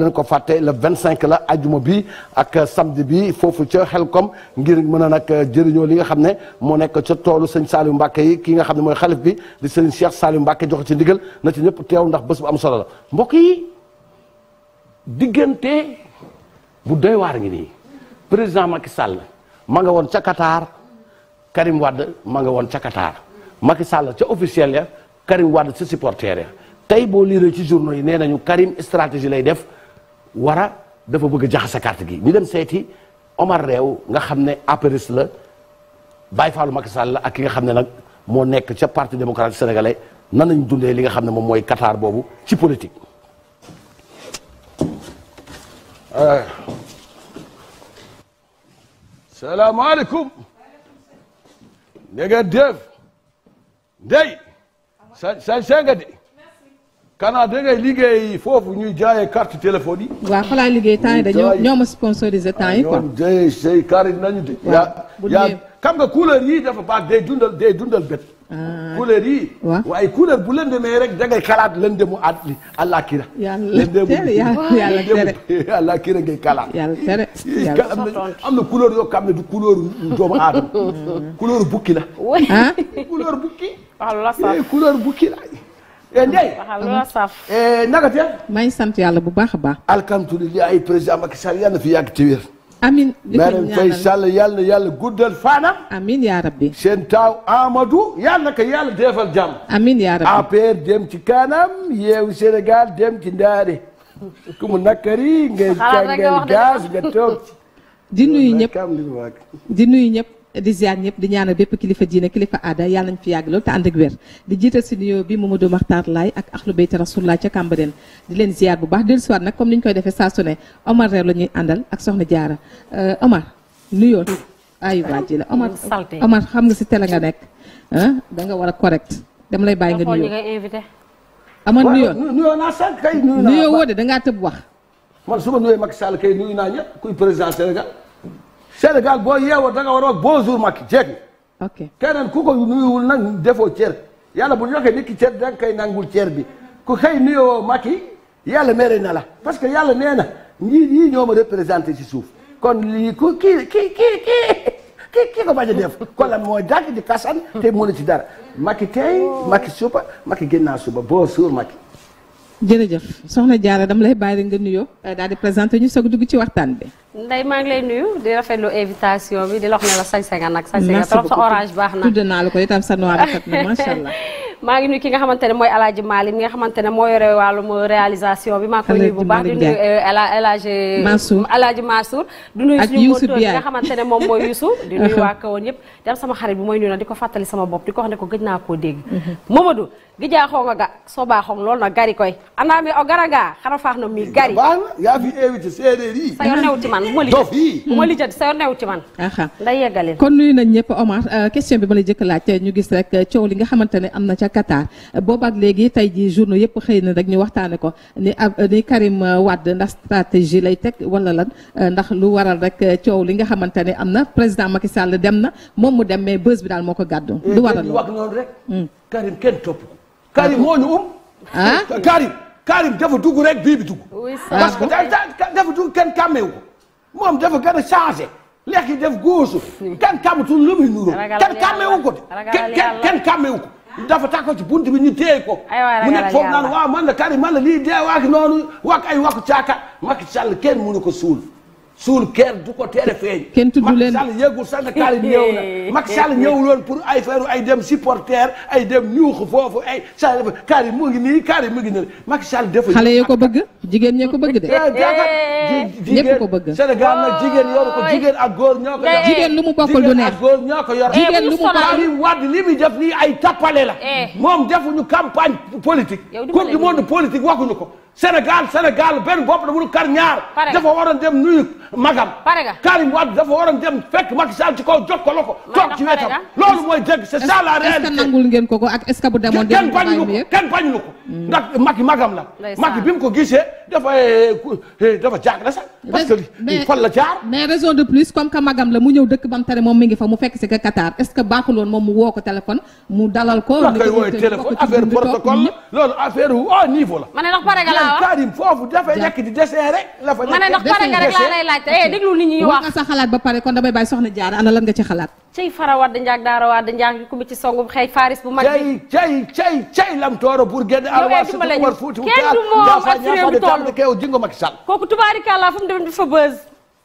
bu leen ko fàtte le 25 la ajuma bi ak samedi bi foofu ca xelkom ngir mën a nag jëriñoo li nga xam ne moo nekk ca toolu sëñ Saliou Mbacke yi kii nga xam ne mooy xalif bi di sëñ Cheikh Saliou Mbacke joxe ci ndigal na ci ñëpp teew ndax bés bu am solo la mbokk yi diggante bu doy waar ngi nii président Macky Sall ma nga woon ca Qatar Karim Wade ma nga woon ca Qatar Macky Sall ca officiel ya Karim Wade sa supporter ya tey boo liiree ci journaux yi nee nañu Karim stratégie lay def wara dafa bëgg a jaxase carte gi ñu dem seeti Omar Reew nga xam ne apéris la Baye Fallou Macky Sall la ak ki nga xam ne nag moo nekk ca parti démocratique sénégalais nan lañ dundee li nga xam ne moom mooy Qatar boobu ci politique. Euh, salaamaaleykum. sa sa kana dangay liggéey foofu ñuy jaayee carte téléphone yi. waaw liggéey temps yi dañoo ñoo ma sponsorisé temps yi quoi. ñoom day say kari nañu de. yaa xam nga dafa baax day dundal day dundal bët. Ah. couleur yi. waaw waaye couleur bu lëndëmee rek dangay xalaat lëndëmu at li àllakira. yàlla tere yàlla tere lëndëmu àllakira ngay xalaat. yàlla tere am na couleur yoo xam ne du couleur doomu aadama. Ah. couleur bukki la. ah couleur ah, couleur bukki la. Eh, Ndeye. waaw loola saf. Eh, sant yàlla bu baax a baax. alhamdulilah ay président Macky Sall yàlla fi yàgg yàlla yàlla guddal faana. amiin yaa rabbi. seen taaw Amadou yàlla na yàlla defal jàmm. amiin yaa rabbi dem ci kanam yeewu Sénégal dem ci ndaare. ku nakari nga wax nga toog. di nuyu ñëpp ñëpp. di ziar ñëpp di ñaanal bépp kilifa diine kilifa aada yàlla nañ fi yàgg lool te ànd ak wér di jiital si nuyoo bi Mamadou Makhtar Laay ak axlu bayti rasulullah ca Cambérène di leen ziar bu baax dellu siwaat nag comme ni ñu koy defee saa ne Omar Rew la ñuy àndal ak soxna Jaara euh, Omar nuyoo ayu waa ji la Omar Omar xam nga si télé nga da a correct dama lay bàyyi nga nuyoo Omar nuyoo nuyoo naa sànq kay nuyoo woo de dangaa tëb wax man su ma nuyoo Macky Sall kay nuyu naa Sénégal boo yeewoo da nga war a wax bonjour Macky jeeg na. ok keneen ku ko nuyuwul nag defoo cër yàlla bu ñu waxee nit ki cër da nga nangul cër bi ku xëy nuyoo Macky yàlla mere na la parce que yàlla nee na ñii ñii ñoo ma représenté ci suuf kon lii ku kii kii kii kii. ki ki ko bañ a def kon la mooy dagg di kasan te mënu ci dara Macky tey Macky suba Macky ginnaaw suba bonjour Macky jërëjëf soxna Diarra dama lay bàyyi nga nuyoo daal di présenté ñu soog dugg ci waxtaan bi Ndeye maa ngi lay nuyu di rafetlu invitation bi di la la sañse nag. sañse trop sa orange baax na. tudd naa la ko itam sa noir rafet na macha allah. maa ngi nuyu ki nga xamante ne mooy El Hadj Malick mi nga xamante moo yore wàllum réalisation bi maa ngi di nuyu euh, El Hadj euh, Mansour El Hadj Mansour di nuyu suñu monteur bi nga xamante ne moom mooy Youssou di nuyu waa kawoon yëpp dem sama xarit bi mooy nuyu na di ko fàttali sama bopp di ko wax ne ko gëj naa koo dégg mhm. Mamadou gi jaaxoo nga ga soo baaxoo loolu na gari koy andaa mi o gara ngaa xara faax na mi gari sa yoon newu ci man bu ma lijjat bu ma lijjat sa new ci man nday yeggalil kon nuyu nañ ñëpp Omar euh, question bi ma la jëkk laaj ñu gis rek coow li nga xamante ne am na ca Qatar boobaak léegi tey ji journaux yëpp xëy na rek ñu waxtaane ko ni ni Karim Wade ndax stratégie lay teg wala lan euh, ndax lu waral rek coow li nga xamante ne am na président Macky Sall dem na moom mu dem mais bës bi daal moo ko gàddu eh, lu waral wax noonu rek hmm. Karim kenn topp ko Karim ah. moo ñu um ah. Karim Karim dafa dugg rek bii bi moom dafa gën a changé lekk yi def góosu. kenn kàmmatul lu muy nuroo. kenn kàmmeewu ko de. kenn kenn kàmmeewu ko. dafa tàkko ci bunt bi ñu téye ko. mu nekk foofu naan waaw man la Karim man la lii dee waak noonu waak ay waaku caaka Macky Sall kenn mënu ko suul. suul kenn du ko teel kenn tudd leen Macky Sall yëgul sax pour ay feeru ay dem supporter ay dem ñuuxu foofu ay Sall kaal yi mu ngi nii kaal yi mu ngi nii Macky Sall dafa. xale yoo ko bëgg jigéen ñee ko bëgg de. ñëpp ko bëgg. Sénégal nag jigéen yoru ko jigéen ak góor ñoo ko. jigéen lu mu bokkul du neex jigéen ak góor ñoo ko yor. jigéen lu mu bokkul li wadd li muy def nii ay tappale la. Eh. moom defuñu campagne politique. coupe du ko Sénégal Sénégal benn bopp la mënu kar ñaar dafa waroon dem nuyu magam Karim Wade dafa waroon dem fekk Macky ko la ko toog ci loolu mooy dëgg c'est ça la hmm. la Macky bi mu ko gisee dafa eh, eh, dafa jaag na sax parce que la jaar mais de plus comme la fa mu fekk si que la koy wooy téléphone affaire protocole oh, la ma ne ndax pare rek te eh déglu nit ñi wax wax nga sa xalaat ba pare kon damay bàyyi soxna a na lan nga ci xalaat. cey fara wadd njaag daara wadd njaag ku ci songum xëy faris bu mag bi. cey cey cey cey lam tooro pour génn alwa su ko dem dafa bës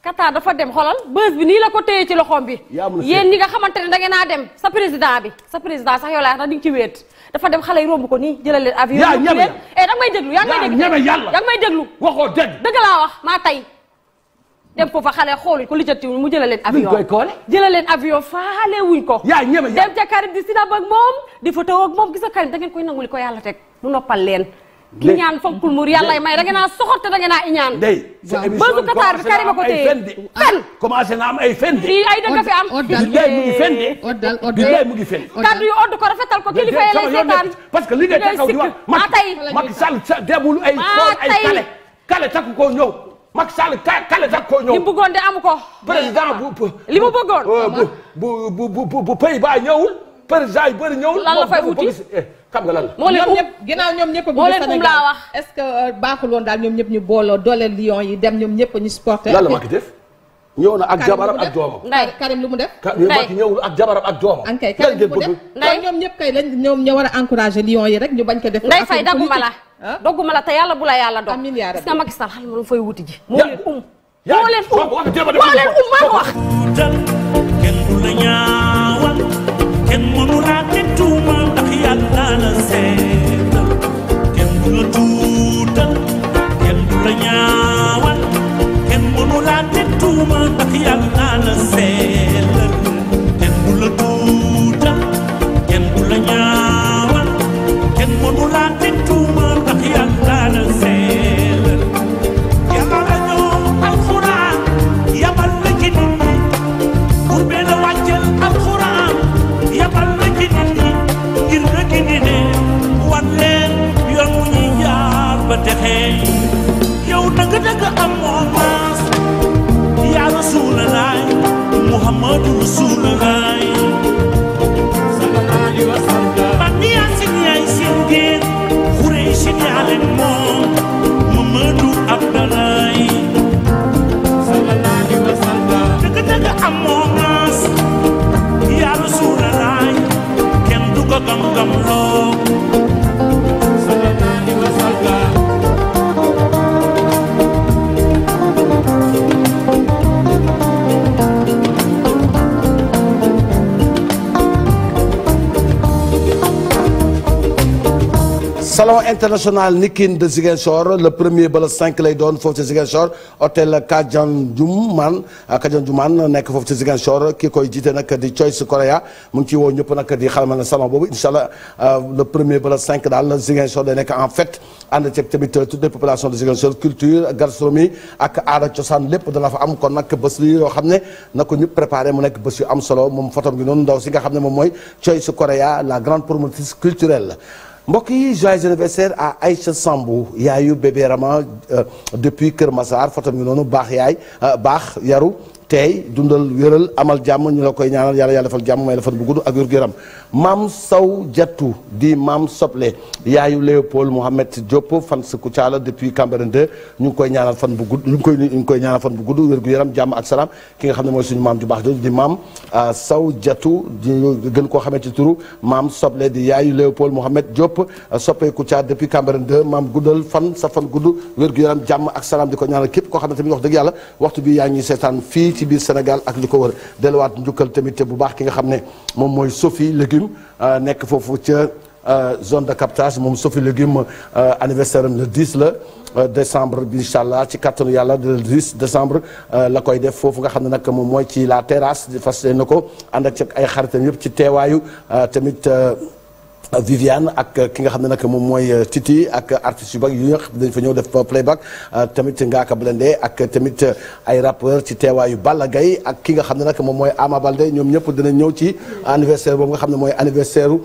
Qatar dafa dem xolal bës bi nii la ko téye ci loxoom bi yéen ñi nga xamante ne da ngeen a dem sa président bi sa président sax yow laa tax di nga ci wéet dafa dem xale yi romb ko nii jëlal leen avion leen eh da nga may déglu yaa ngi may déglu yaa ngi may déglu waxoo dégg dëgg laa wax maa tay dem foofa xale xoolul ko lijjatiwul mu jëlaleen avion koy koole jëlaleen avion faale wuñ ko dem ca Karim di sinab ak moom di fa taw moom gis nga Karim da ngeen koy nanguli ko yàlla teg mu noppal leen ki ñaan fonkul muur yàlla may da naa soxor te da naa iñaan day sa émission bi commencé na am ay fen de fen commencé na am ay fen de ay dëgg fi am ko rafetal ko kilifa yi lay seetaan parce que li ngay taxaw di wax Macky Sall demul ay kale kale takku ko ñëw Macky Sall ka kale sax koo ñëw. li mu bëggoon de amu ko. président bu li mu bëggoon. bu bu bu bu bu bu Pays-Bas ñëwul. président yu bëri ñëwul. lan la fay wuti eh, xam nga lan la. moo leen um ginnaaw ñoom ñëpp a. moo ce que euh, baaxul woon daal ñoom ñëpp ñu booloo doole Lions yi dem ñoom ñëpp ñu supporter. lan la Macky def. ñëw na ak jabaram ak doomam nday Karim lu mu def Macky ñëwul ak jabaram ak doomam ankay ñoom lu mu def nday ñoom ñëpp kay lañ ñoom ñoo war a encourager Lions yi rek ñu bañ ko def nday fay daguma la dogguma la te bula bu la yàlla dog amiin yaa rabbi gis nga Macky Sall xalima lu fay um moo um moo um maa wax kenn du la ñaawal kenn mënu laa laa teg tuuma ndax yàlla la seetal Muhammadu Rasul international Nikin de Ziguinchor le premier ba le cinq lay doon foofu ci Ziguinchor hôtel Kadian Djouman ah, Kadian nekk foofu ci Ziguinchor ki koy jiite nag di Choice Korea mu ngi ciy woo ñëpp nag di xalamal salon boobu incha allah ah, le premier ba le cinq daal Ziguinchor day nekk en fête ànd ceeg tamit toutes les de Ziguinchor culture gastronomie ak aada cosaan lépp dana fa am kon nag bés yi yoo xam ne na ko ñu préparé mu nekk bés yu am solo moom fotom gi noonu ndaw si nga xam ne moom mooy Choice Korea la grande promotrice culturelle mbokk yi joyeux anniversaire à Aïcha Sambou yaayu bébé Rama euh, depuis Kër Massar foto mi noonu baax yaay euh, baax yaru tey dundal wéral amal jàmm ñu la koy ñaanal yàlla yàlla defal jàmm may la fan bu gudd ak wér gu yaram maam saw jattu di maam soble yaayu Léopold Mohamed Diop fan sa Kouthia la depuis Cambérène ñu ngi koy ñaanal fan bu gudd ñu ngi koy ñu ngi koy ñaanal fan bu gudd wér gu yaram jàmm ne mooy suñu maam ju baax di maam ah, saw jattu di gën koo xamante ci turu maam soble di yaayu Léopold Mohamed Diop ah, soppe Kouthia depuis Cambérène 2 maam guddal fan sa fan gudd wér gu yaram jàmm ak salaam di ko ñaanal képp koo xam ne tamit wax dëgg yàlla waxtu bi yaa ngi seetaan fii ci biir Sénégal ak li ko wër delluwaat njukkal tamit bu baax ki nga xam ne moom mooy Sophie légume euh, nekk foofu ca euh, zone de captage moom Sophie légume euh, anniversaire am le 10 la décembre bi incha allah ci kattanu yàlla le 10 décembre la koy def foofu nga xam ne nag moom mooy ci la terrasse fas yéene na ko ànd ak ay xaritam yëpp ci teewaayu tamit. Viviane ak ki nga xam ne nag moom mooy euh, Titi ak artistes yu bag yu nga xam dañ fa ñëw def playback euh, tamit nga Ngaaka Blindé ak tamit euh, ay rappeur ci teewaayu Balla gay ak ki nga xam ne nag moom mooy Ama Baldé ñoom ñëpp dinañ ñëw ci anniversaire boobu nga xam ne mooy anniversaire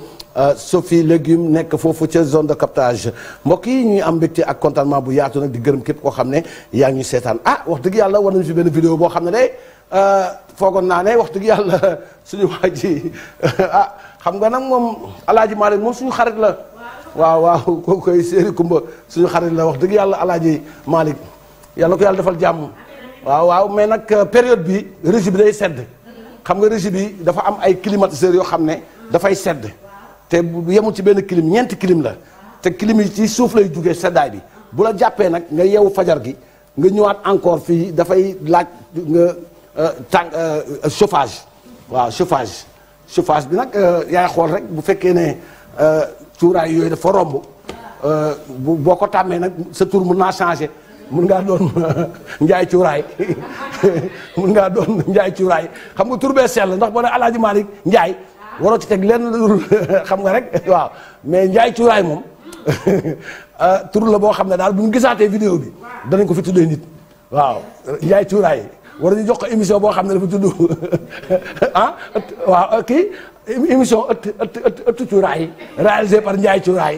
Sophie légume nekk foofu ca zone de captage mbokk yi ñuy am mbégte ak contentement bu yaatu nag di gërëm képp koo xam ne yaa ngi ñu seetaan ah wax dëgg yàlla war nañu fi benn vidéo boo xam ne de foogoon naa ne wax dëgg yàlla suñu waa ji ah, xam nga nag moom alaaji Malick moom suñu xarit la waaw waaw kooku koy séeri kumba suñu xarit la wax dëgg yàlla alaaji Malick yàlla ko yàlla defal jàmm waaw waaw mais nag euh, période bi régie bi day sedd xam nga régie bi dafa am ay climatiseurs yoo xam ne dafay sedd te yemul ci benn kilim ñeenti kilim la te kilim yi ci suuf lay jugee seddaay bi bu la jàppee nag nga yeewu fajar gi nga ñëwaat encore fii dafay laaj nga euh, tàng euh, chauffage waaw chauffage chauffage bi nag euh, yaay xool rek bu fekkee ne euh, cuuraay yooyu foo romb euh, bu boo ko tàmmee nag sa tur mun naa changé mun ngaa doon njaay cuuraay mun ngaa doon njaay cuuraay xam nga tur bee sell ndax boo ne alaaji Malick njaay waroo ci teg lenn xam nga rek waaw mais njaay cuuraay moom tur la boo xam ne daal bu ñu gisaatee vidéo bi danañ ko fi tuddee nit waaw njaay cuuraay war ñu jox ko émission boo xam ne dafa tudd ah, émission ëtt ëtt ëtt ëtt cuuraay réalisé par Ndiaye cuuraay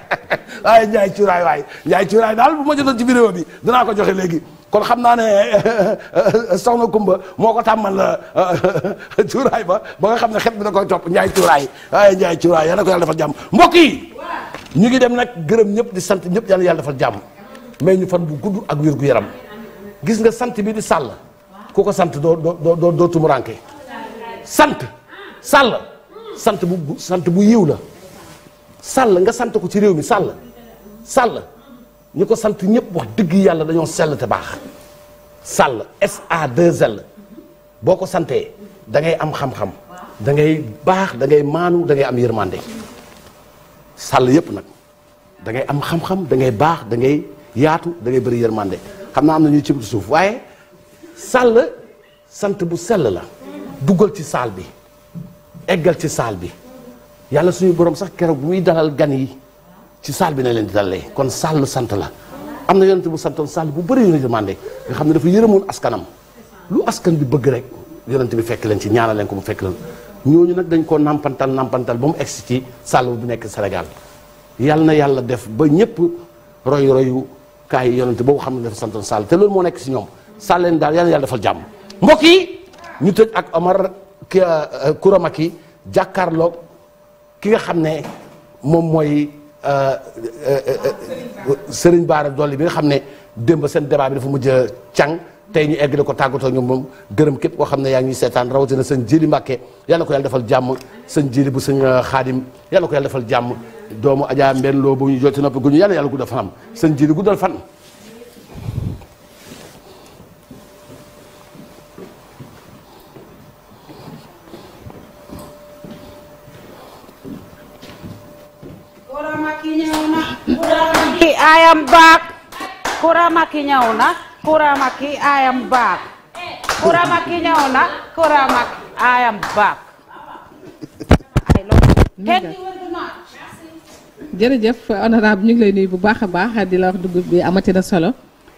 waaye Ndiaye cuuraay waaye Ndiaye cuuraay daal bu ma jotoon ci vidéo bi danaa ko joxe léegi kon xam naa ne soxna Kumba moo ko tàmmal euh, euh, cuuraay ba ba nga xam ne xet bi da koy topp Ndiaye cuuraay waaye Ndiaye cuuraay yal na ko yàlla defal jàmm mbokk yi ñu ngi dem nag gërëm ñëpp di sant ñëpp yal na yàlla defal jàmm may ñu fan bu gudd ak wér gu yaram gis nga sant bi di sàll ku ko sant doo doo doo doo tumuraanke sant sàll sant bu sant bu yiw la sàll nga sant ko ci réew mi sàll sàll ñu ko sant ñëpp wax dëgg yàlla dañoo sell te baax sàll SA2L boo ko santee da ngay am xam-xam da baax dangay ngay maanu da ngay am yërmande sàll yëpp nag dangay am xam-xam da ngay baax da ngay yaatu da ngay bëri yërmande xam naa am na ñuy cimtu suuf waaye. sàll sant bu sell la duggal ci saal bi eggal ci saal bi yàlla suñu borom sax keroog bu dalal gan yi ci saal bi na leen di dalalee kon sàll sant la am na yonent bu santoon sàll bu bari yonent demandé xam ne dafa yërëmoon askanam lu askan bi bëgg rek yonent bi fekk leen ci ñaanal leen ko mu fekk leen ñooñu nag dañ koo nampantal nampantal ba mu egsi ci sàll bu nekk Sénégal yàlla na yàlla def ba ñëpp roy royu kaay yonent boobu xam ne dafa santoon sàll te loolu moo nekk ci ñoom sàlleen daal yal na yàlla defal jàmm mbokk yi ñu tëj ak Omar Kouramaki euh, jàkkaarloog ki nga xam ne moom mooy euh, euh, Serigne Bara Dolly bi nga xam ne démb seen débat bi dafa mujj a càng tey ñu eggale ko tàggatoo ñoom moom gërëm képp koo xam ne yaa ngi seetaan rawatina sëñ Jili Mbàkke yàlla ko yàlla defal jàmm sëñ Jili bu sëñ Xaadim yàlla ko yàlla defal jàmm doomu Adja Mbène Lo bu ñu joti noppi gu ñu yàlla yàlla guddal fanam sëñ Jili guddal fan. I am back. Kuramaki ñëw na. Kuramaki I am back. ñëw na. Kuramaki I am jërëjëf honorable ñu ngi lay nuyu bu baax a baax di la wax dugub bi amati na solo.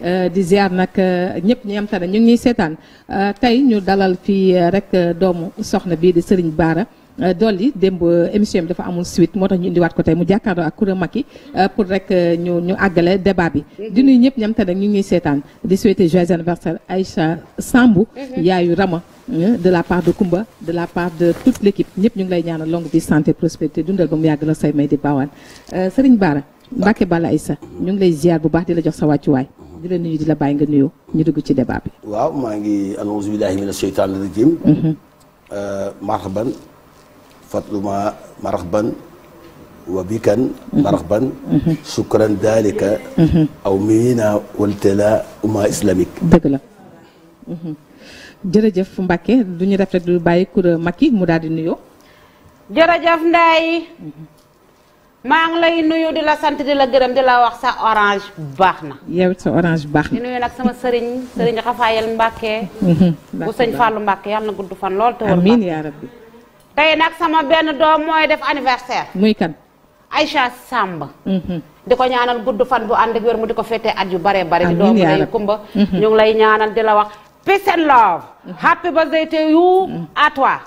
Euh, di ziar nag euh, ñëpp ñi am tane ñu ngi seetaan euh, tey ñu dalal fii rek doomu soxna bii di Serigne baara Euh, dolli démb euh, émission bi dafa amul suite moo tax ñu indiwaat ko tey mu jàkkaarloo ak Coura Macky euh, pour rek ñu ñu àggale débat bi. di nuyu ñëpp ñam te nag ñu ngi seetaan di souhaiter joyeux anniversaire Aïcha Sambou. Mhm. yaayu Rama. de la part de Kumba de la part de toute l' équipe ñëpp ñu ngi lay ñaanal longue vie santé prospérité dundal ba mu yàgg la say may di baawaan Serigne Bara Mbacke ay Aïssa ñu ngi lay ziar bu baax di la jox sa wàccuwaay di la nuyu di la bàyyi nga nuyoo ñu dugg ci débat bi. waaw maa ngi alhamdulilah mina ma marhaban wa bikan marhaban shukran dalika aw miina waltela umma islamique dëgg la jërëjëf Mbacke du ñu def rek du bàyyi kura Macky mu daal di nuyoo jërëjëf Nday maa ngi lay nuyu di la sant di la gërëm di la wax sa orange baax na yow sa orange baax na di nuyu nag sama sëriñ sëriñ Xafaayel Mbacke mhm. bu sëñ Fallou Mbacke yàlla na gudd fan lool te amiin yaa rabbi tey nag sama benn doom mooy def anniversaire. muy kan. Aïcha Samb. Mm-hmm. di ko ñaanal gudd fan bu ànd ak wér mu di ko féetee at yu baree bare. di doomu lay kumba. ñu lay ñaanal di la wax. peace and love. Mm-hmm. happy birthday to you. Mm-hmm. à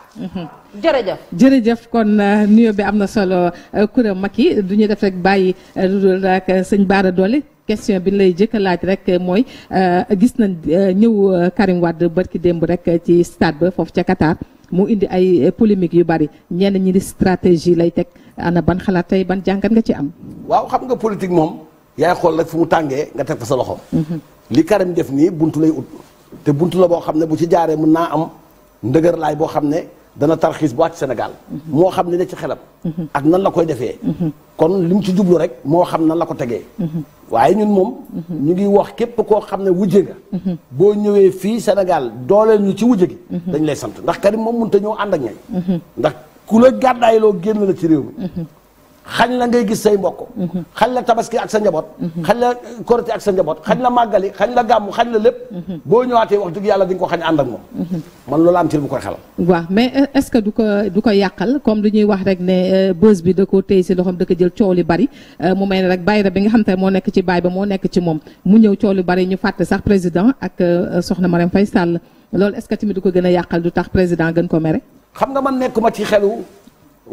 jërëjëf jërëjëf kon euh, nuyoo bi am na solo euh, mag yi du ñu def rek bàyyi euh, lu dul rek sëñ Bara question bi lay jëkk laaj rek mooy gis nañ ñëw Karim Wade barki démb rek ci stade ba foofu ca Qatar. mu indi ay eh, polémique yu bari ñenn ñi di stratégie lay teg ana ban xalaat tey ban jàngat nga ci am. waaw xam nga politique moom yaay xool rek fu mu tàngee nga teg fa sa loxo. Mhm. li Karim def nii buntu lay ut. te buntu la boo xam ne bu ci jaaree mun naa am ndëgër laay boo xam ne. dana tarxiis bu wàcc Sénégal moo xam li ne ci xelam ak nan la koy defee kon li mu ci jublu rek moo xam nan la ko tegee waaye ñun moom ñu ngi wax képp koo xam ne wujje nga boo ñëwee fii Sénégal doole ñu ci wujje gi dañ lay sant ndax Karim moom mënut a ñëw ànd ak ñay ndax ku la gàddaayloo génn la ci réew mi xañ la ngay gis say mbokk mhm. xañ la tabaski ak sa njaboot mhm. xañ la korité ak sa njaboot xañ la màggali xañ la gàmmu xañ la lépp mhm. boo ñëwaatee wax dëgg yàlla di nga ko xañ ànd ak moom man loolu am ci bu koy xelal waaw mais euh, est-ce du ko du ko yàqal comme li ñuy wax rek ne euh, bës bi da ko téy si loxoom da ko jël coow li bari euh, mu may ne rek bayra bi nga xam te moo nekk ci baay ba moo nekk ci moom mu ñëw coow li bari ñu fàtte sax président ak soxna Marème Faye Sall loolu est-ce que tamit du ko gën a yàqal du tax président gën ko mere xam nga man nekkuma ci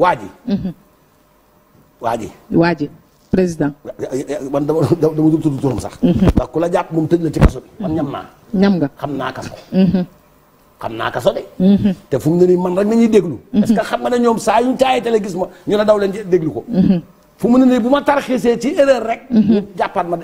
waa ji waa ji waa ji président. man dama dama dama tudd turam sax. Mhm. ndax ku la jàpp moom tëj la ci kaso bi. man ñam naa. ñam nga xam naa kaso. Mhm. xam naa kaso de. Mhm. te fu mu ne nii man rek nañuy déglu. est que xam nga ne ñoom saa yuñ caayatale gis ma ñu ne daw leen déglu ko. fu mu ne nii bu ma tarxiisee ci erreur rek. ñu jàppaat ma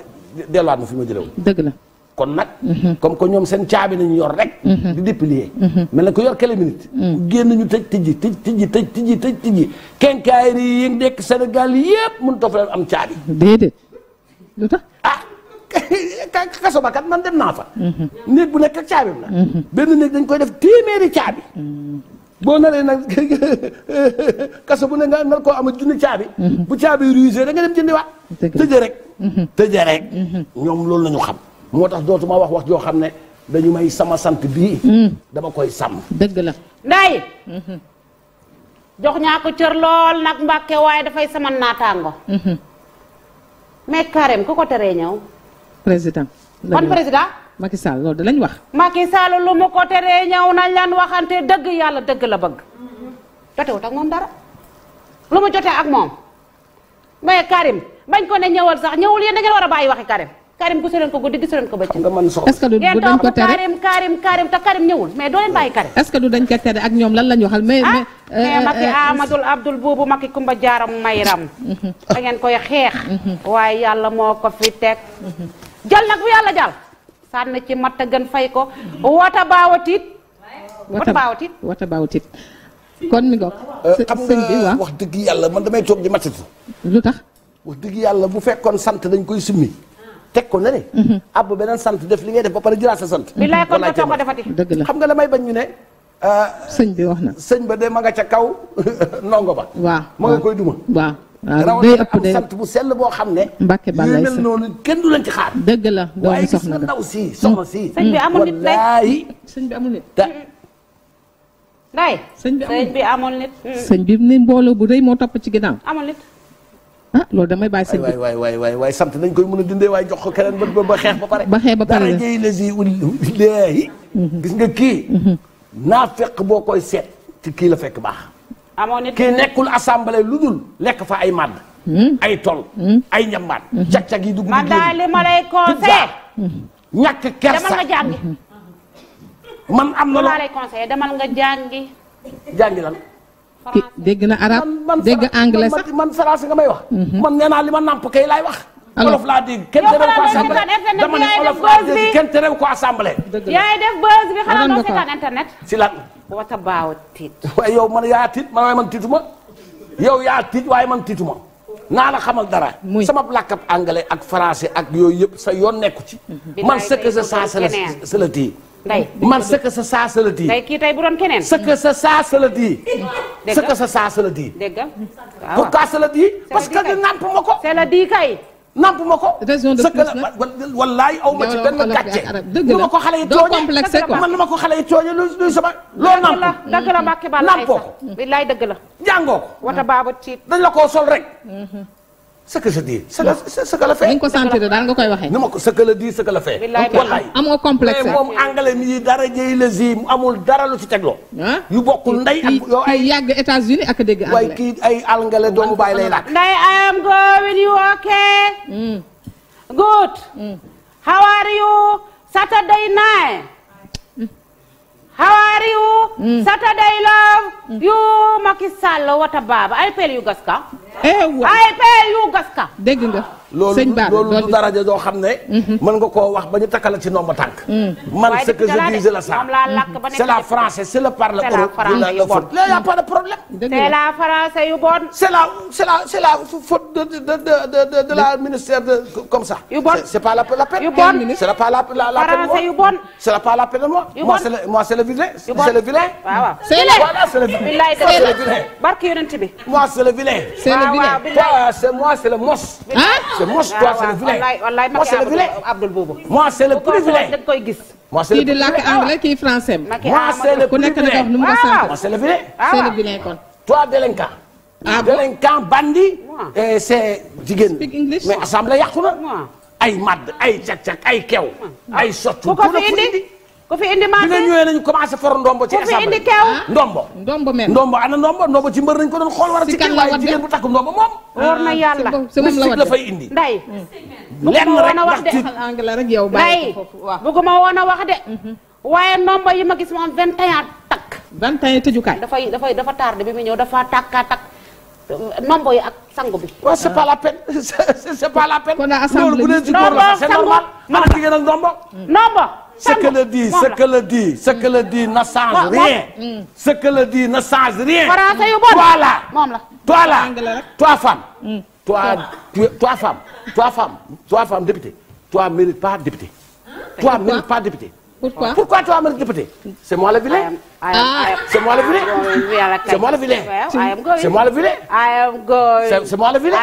delluwaat ma fi ma jëlee woon. dëgg kon nag. Mhm. comme que ñoom seen caabi nañu yor rek. Mhm. di déplier. Mhm. mel na ko yor kële minute. Mm. génn ñu tëj tëjji tëj tëjji tëj tëjji tëj tëjji kenkaayri yi nekk Sénégal yëpp mënut a fa am caabi. déedéet lu tax ah. kaso ba kat man dem naa fa. néeg bu nekk ak caabim benn néeg dañ koy def téeméeri caabi. Mm. boo naree nag kaso bu ne nga nar koo am junni caabi. bu caabi rusé da nga dem jëndi waat. tëjee rek. tëjee rek. ñoom loolu la ñu xam. moo tax dootuma wax wax joo xam ne dañu may sama sant bii. Hmm. dama koy sàmm. dëgg la nday hmm. jox ñaa ko cër lool nag mbàkke waaye dafay sama naataango. Hmm. mais Karim ku ko teree ñëw. président. kon président. Macky Sall loolu lañ wax. Macky Sall lu mu ko teree ñëw nañ lan waxante dëgg yàlla dëgg la bëgg. jotewut ak moom dara. lu mu jotee ak moom. mais Karim bañ ko ne ñëwal sax ñëwul yéen da ngeen war a bàyyi waxi Karim. Karim gisu leen ko guddi gisu leen ko bëccëg. est-ce que du dañ ko tere Karim Karim Karim te Karim ñëwul mais doo leen bàyyi Karim. est-ce que du dañ ko tere ak ñoom lan la ñu waxal mais ah, mais. mais euh, Macky euh, Amadou Abdoul boobu Macky Kumba Jaaram Mayram. Mm-hmm. da ngeen koy xeex. Mm-hmm. waaye yàlla moo ko fi teg. Mm-hmm. jal nag bu yàlla jal sànn ci matt gën fay ko wota baawatit. wota baawatit wota baawatit. kon mi ngoog. Euh, sëñ bi waaw wax dëgg yàlla man damay toog di mattatu. lu tax. wax dëgg yàlla bu fekkoon sant dañ koy summi. teg ko na ne mhm. ab beneen sant def li ngay def ba pare jëlaat sa sant bilaay kon nga toog ko defati dëgg la xam nga damay bañ ñu ne euh, sëñ bi wax na sëñ ba de ma nga ca kaw ndongo ba waaw ma nga koy duma waaw waaw day ëpp day sant boo xam ne. mbàkke ba lay mel noonu kenn du leen ci dëgg la waaye gis nga ndaw si soxna si. Mm. sëñ bi amul nit sëñ bi amul nit. sëñ bi amul nit. sëñ bi amul nit. Mm. mbooloo bu rëy moo topp ci ginnaaw. amul nit. ah loolu damay bàyyi sëñ bi waay waay waay waay sant nañ koy mën a dundee waaye jox ko keneen ba ba xeex ba pare. ba xeex ba pare dara jëy la si ulillaahi mhm. gis nga kii. Mhm. naa fekk boo koy seet ci kii la fekk baax. amoon nit kii nekkul assemblée lu dul lekk fa ay màdd. Mhm. ay tol ay ñambaat. cag-cag yi dugg bi daal li ma lay conseillé. ñàkk kersa demal nga jàngi. man am na loo nga jàngi. jàngi lan. ki dégg na arab dégg anglais sax man français nga may wax. Mhm. man nee naa li ma nàmp kay laay wax. alors olof laa dégg kenn terew ko assemblée ko assemblée. yaay def buzz bi xanaa doo seetaan internet. si la wata baaw tiit. waaye yow man yaa tiit man waaye man tiituma yow yaa tiit waaye naa la xamal dara. sama làkkab anglais ak français ak yooyu yëpp sa yoon nekku ci. man ce que je sens c'est la c'est ndey man sëkk sa saasa la di. ndey kii tey bu doon keneen. sa saasa la di. dégg sëkk sa saasa la di. dégg nga waaw ah. pourquoi sa la di. parce que nàmp ma ko. c'est la di kay. namp ma ko. la wallaay aw ma ci benn dëgg la ko xale yi tooñee man nu ma ko xale lu luy sama. loolu namp la dëgg la Mbacke Balla ay sax wata baaba tiit dañ la koo sol rek. Mm-hmm. ce sa je dis ce que la fait. ni ko sentir daal nga koy waxee. ni ma ko ce que la dit ce la fait. wallaay am nga complexe mais moom anglais mi dara amul dara lu ci tegloo. yu ah? bokkul ndey ak yow yàgg États-Unis ak dégg anglais. doomu baay lay laaj. ndey I am going you okay. Hmm. good. Hmm. how are you Saturday night. how are you mm. saturday love mm. you Macky wata baaba ay peel yu gaska eh, ay dégg nga loolu loolu daraja doo xam ne mhm. mën nga koo wax ba ñu ci nomba tànk mhm. man ce la ça c'est la France c'est a pas de problème c'est la France yu bon c'est la c'est la c'est la faute de de de de la c'est la peine la la la France yu bon c'est pas la peine moi moi c'est moi c'est le vilain barki yonent bi moi moi c'est le mos c'est moche ah, toi c'est le vilain moi c'est le vilain Abdoul boobu moi c'est le plus vilain dañ koy gis moi c'est le kii di làkk anglais kii français moi c'est le plus vilain ah! moi c'est le vilain ah! c'est le vilain kon toi délinquant délinquant bandit c'est jigéen mais assemblée yàqu na ay madd ay cag-cag ay kew ay soccu ku ko fi indi ku fi indi maase commencé for ndombo ci assemblée. ku fi indi keew ah, ndombo. ndombo ndombo ana ndombo ndombo ci mbër nañu ko doon xool war a ci kii waaye jigéen bu takk ndombo moom. Ah, wóor na yàlla mystique la fay indi. nday hmm. lenn rek ndax ci nday a wax de. waaye ndombo yi ma gis moom 21 takk. 21 tëjukaay. dafay dafay dafa tardé bi mu ñëw dafa takka takk. nombo yi ak sangu bi. waaw c'est pas la peine c'est pas la peine. kon assemblée la c'est normal. ce que le dit rien. Mm. ce que le rien. français yu bon toi là. toi mm. là toi femme. toi toi toi femme toi toi mérite pas député. Ah, Pourquoi ah. Pourquoi tu vas me répéter C'est moi le vilain. Ah. C'est moi le vilain. C'est moi le vilain. C'est moi le vilain. C'est moi le vilain.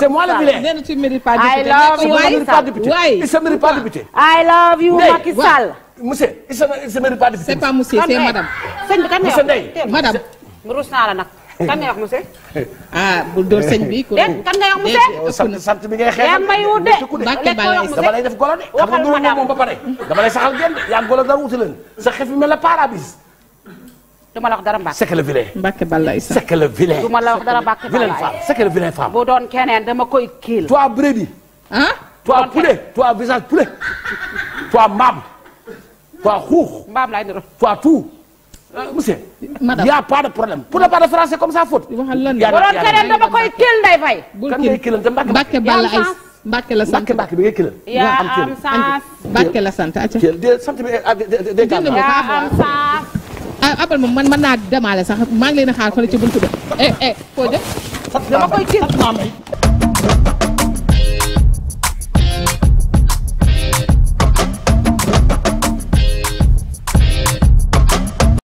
C'est moi le vilain. Tu ne mérites pas député. Il se mérite pas député. I love you Macky Sall. Monsieur, il se mérite pas député. C'est pas monsieur, c'est madame. Sëñ bi kan la yow. Monsieur Ndeye. Madame. Ruus naa la nag. kan ngay wax monsieur. ah bul door sëñ bi. déet eh, kan ngay wax monsieur. sant bi ngay xeex. yaa may wut de. mbàkke bala dama lay def golo de. waxal ma dama moom ba pare. dama lay saxal génn yaa golo dara wuti leen. sa xef bi mel la paradis. du ma la wax dara Mbacke. c'est que le vilain. Mbacke Balaye sax c'est que le vilain. du ma la wax dara Mbacke Balaye vilaine femme c'est que le vilain femme. bu doon keneen dama koy kiil. toi brebis. ah. toi poulet toi visage poulet. toi mbaam. toi xuux. mbaam laay niróo. toi tout. Euh, monsieur. madame y' a pas de problème pour ne la waroon keneen dama koy teel nday fay. kan ngay kilal te Mbacke ay Mbacke la sant Mbacke Mbacke la sant acca. Ah, ah, abal ma man naa demaale sax maa ngi leen a xaar fële ci buntu eh eh foo jëm. dama koy teel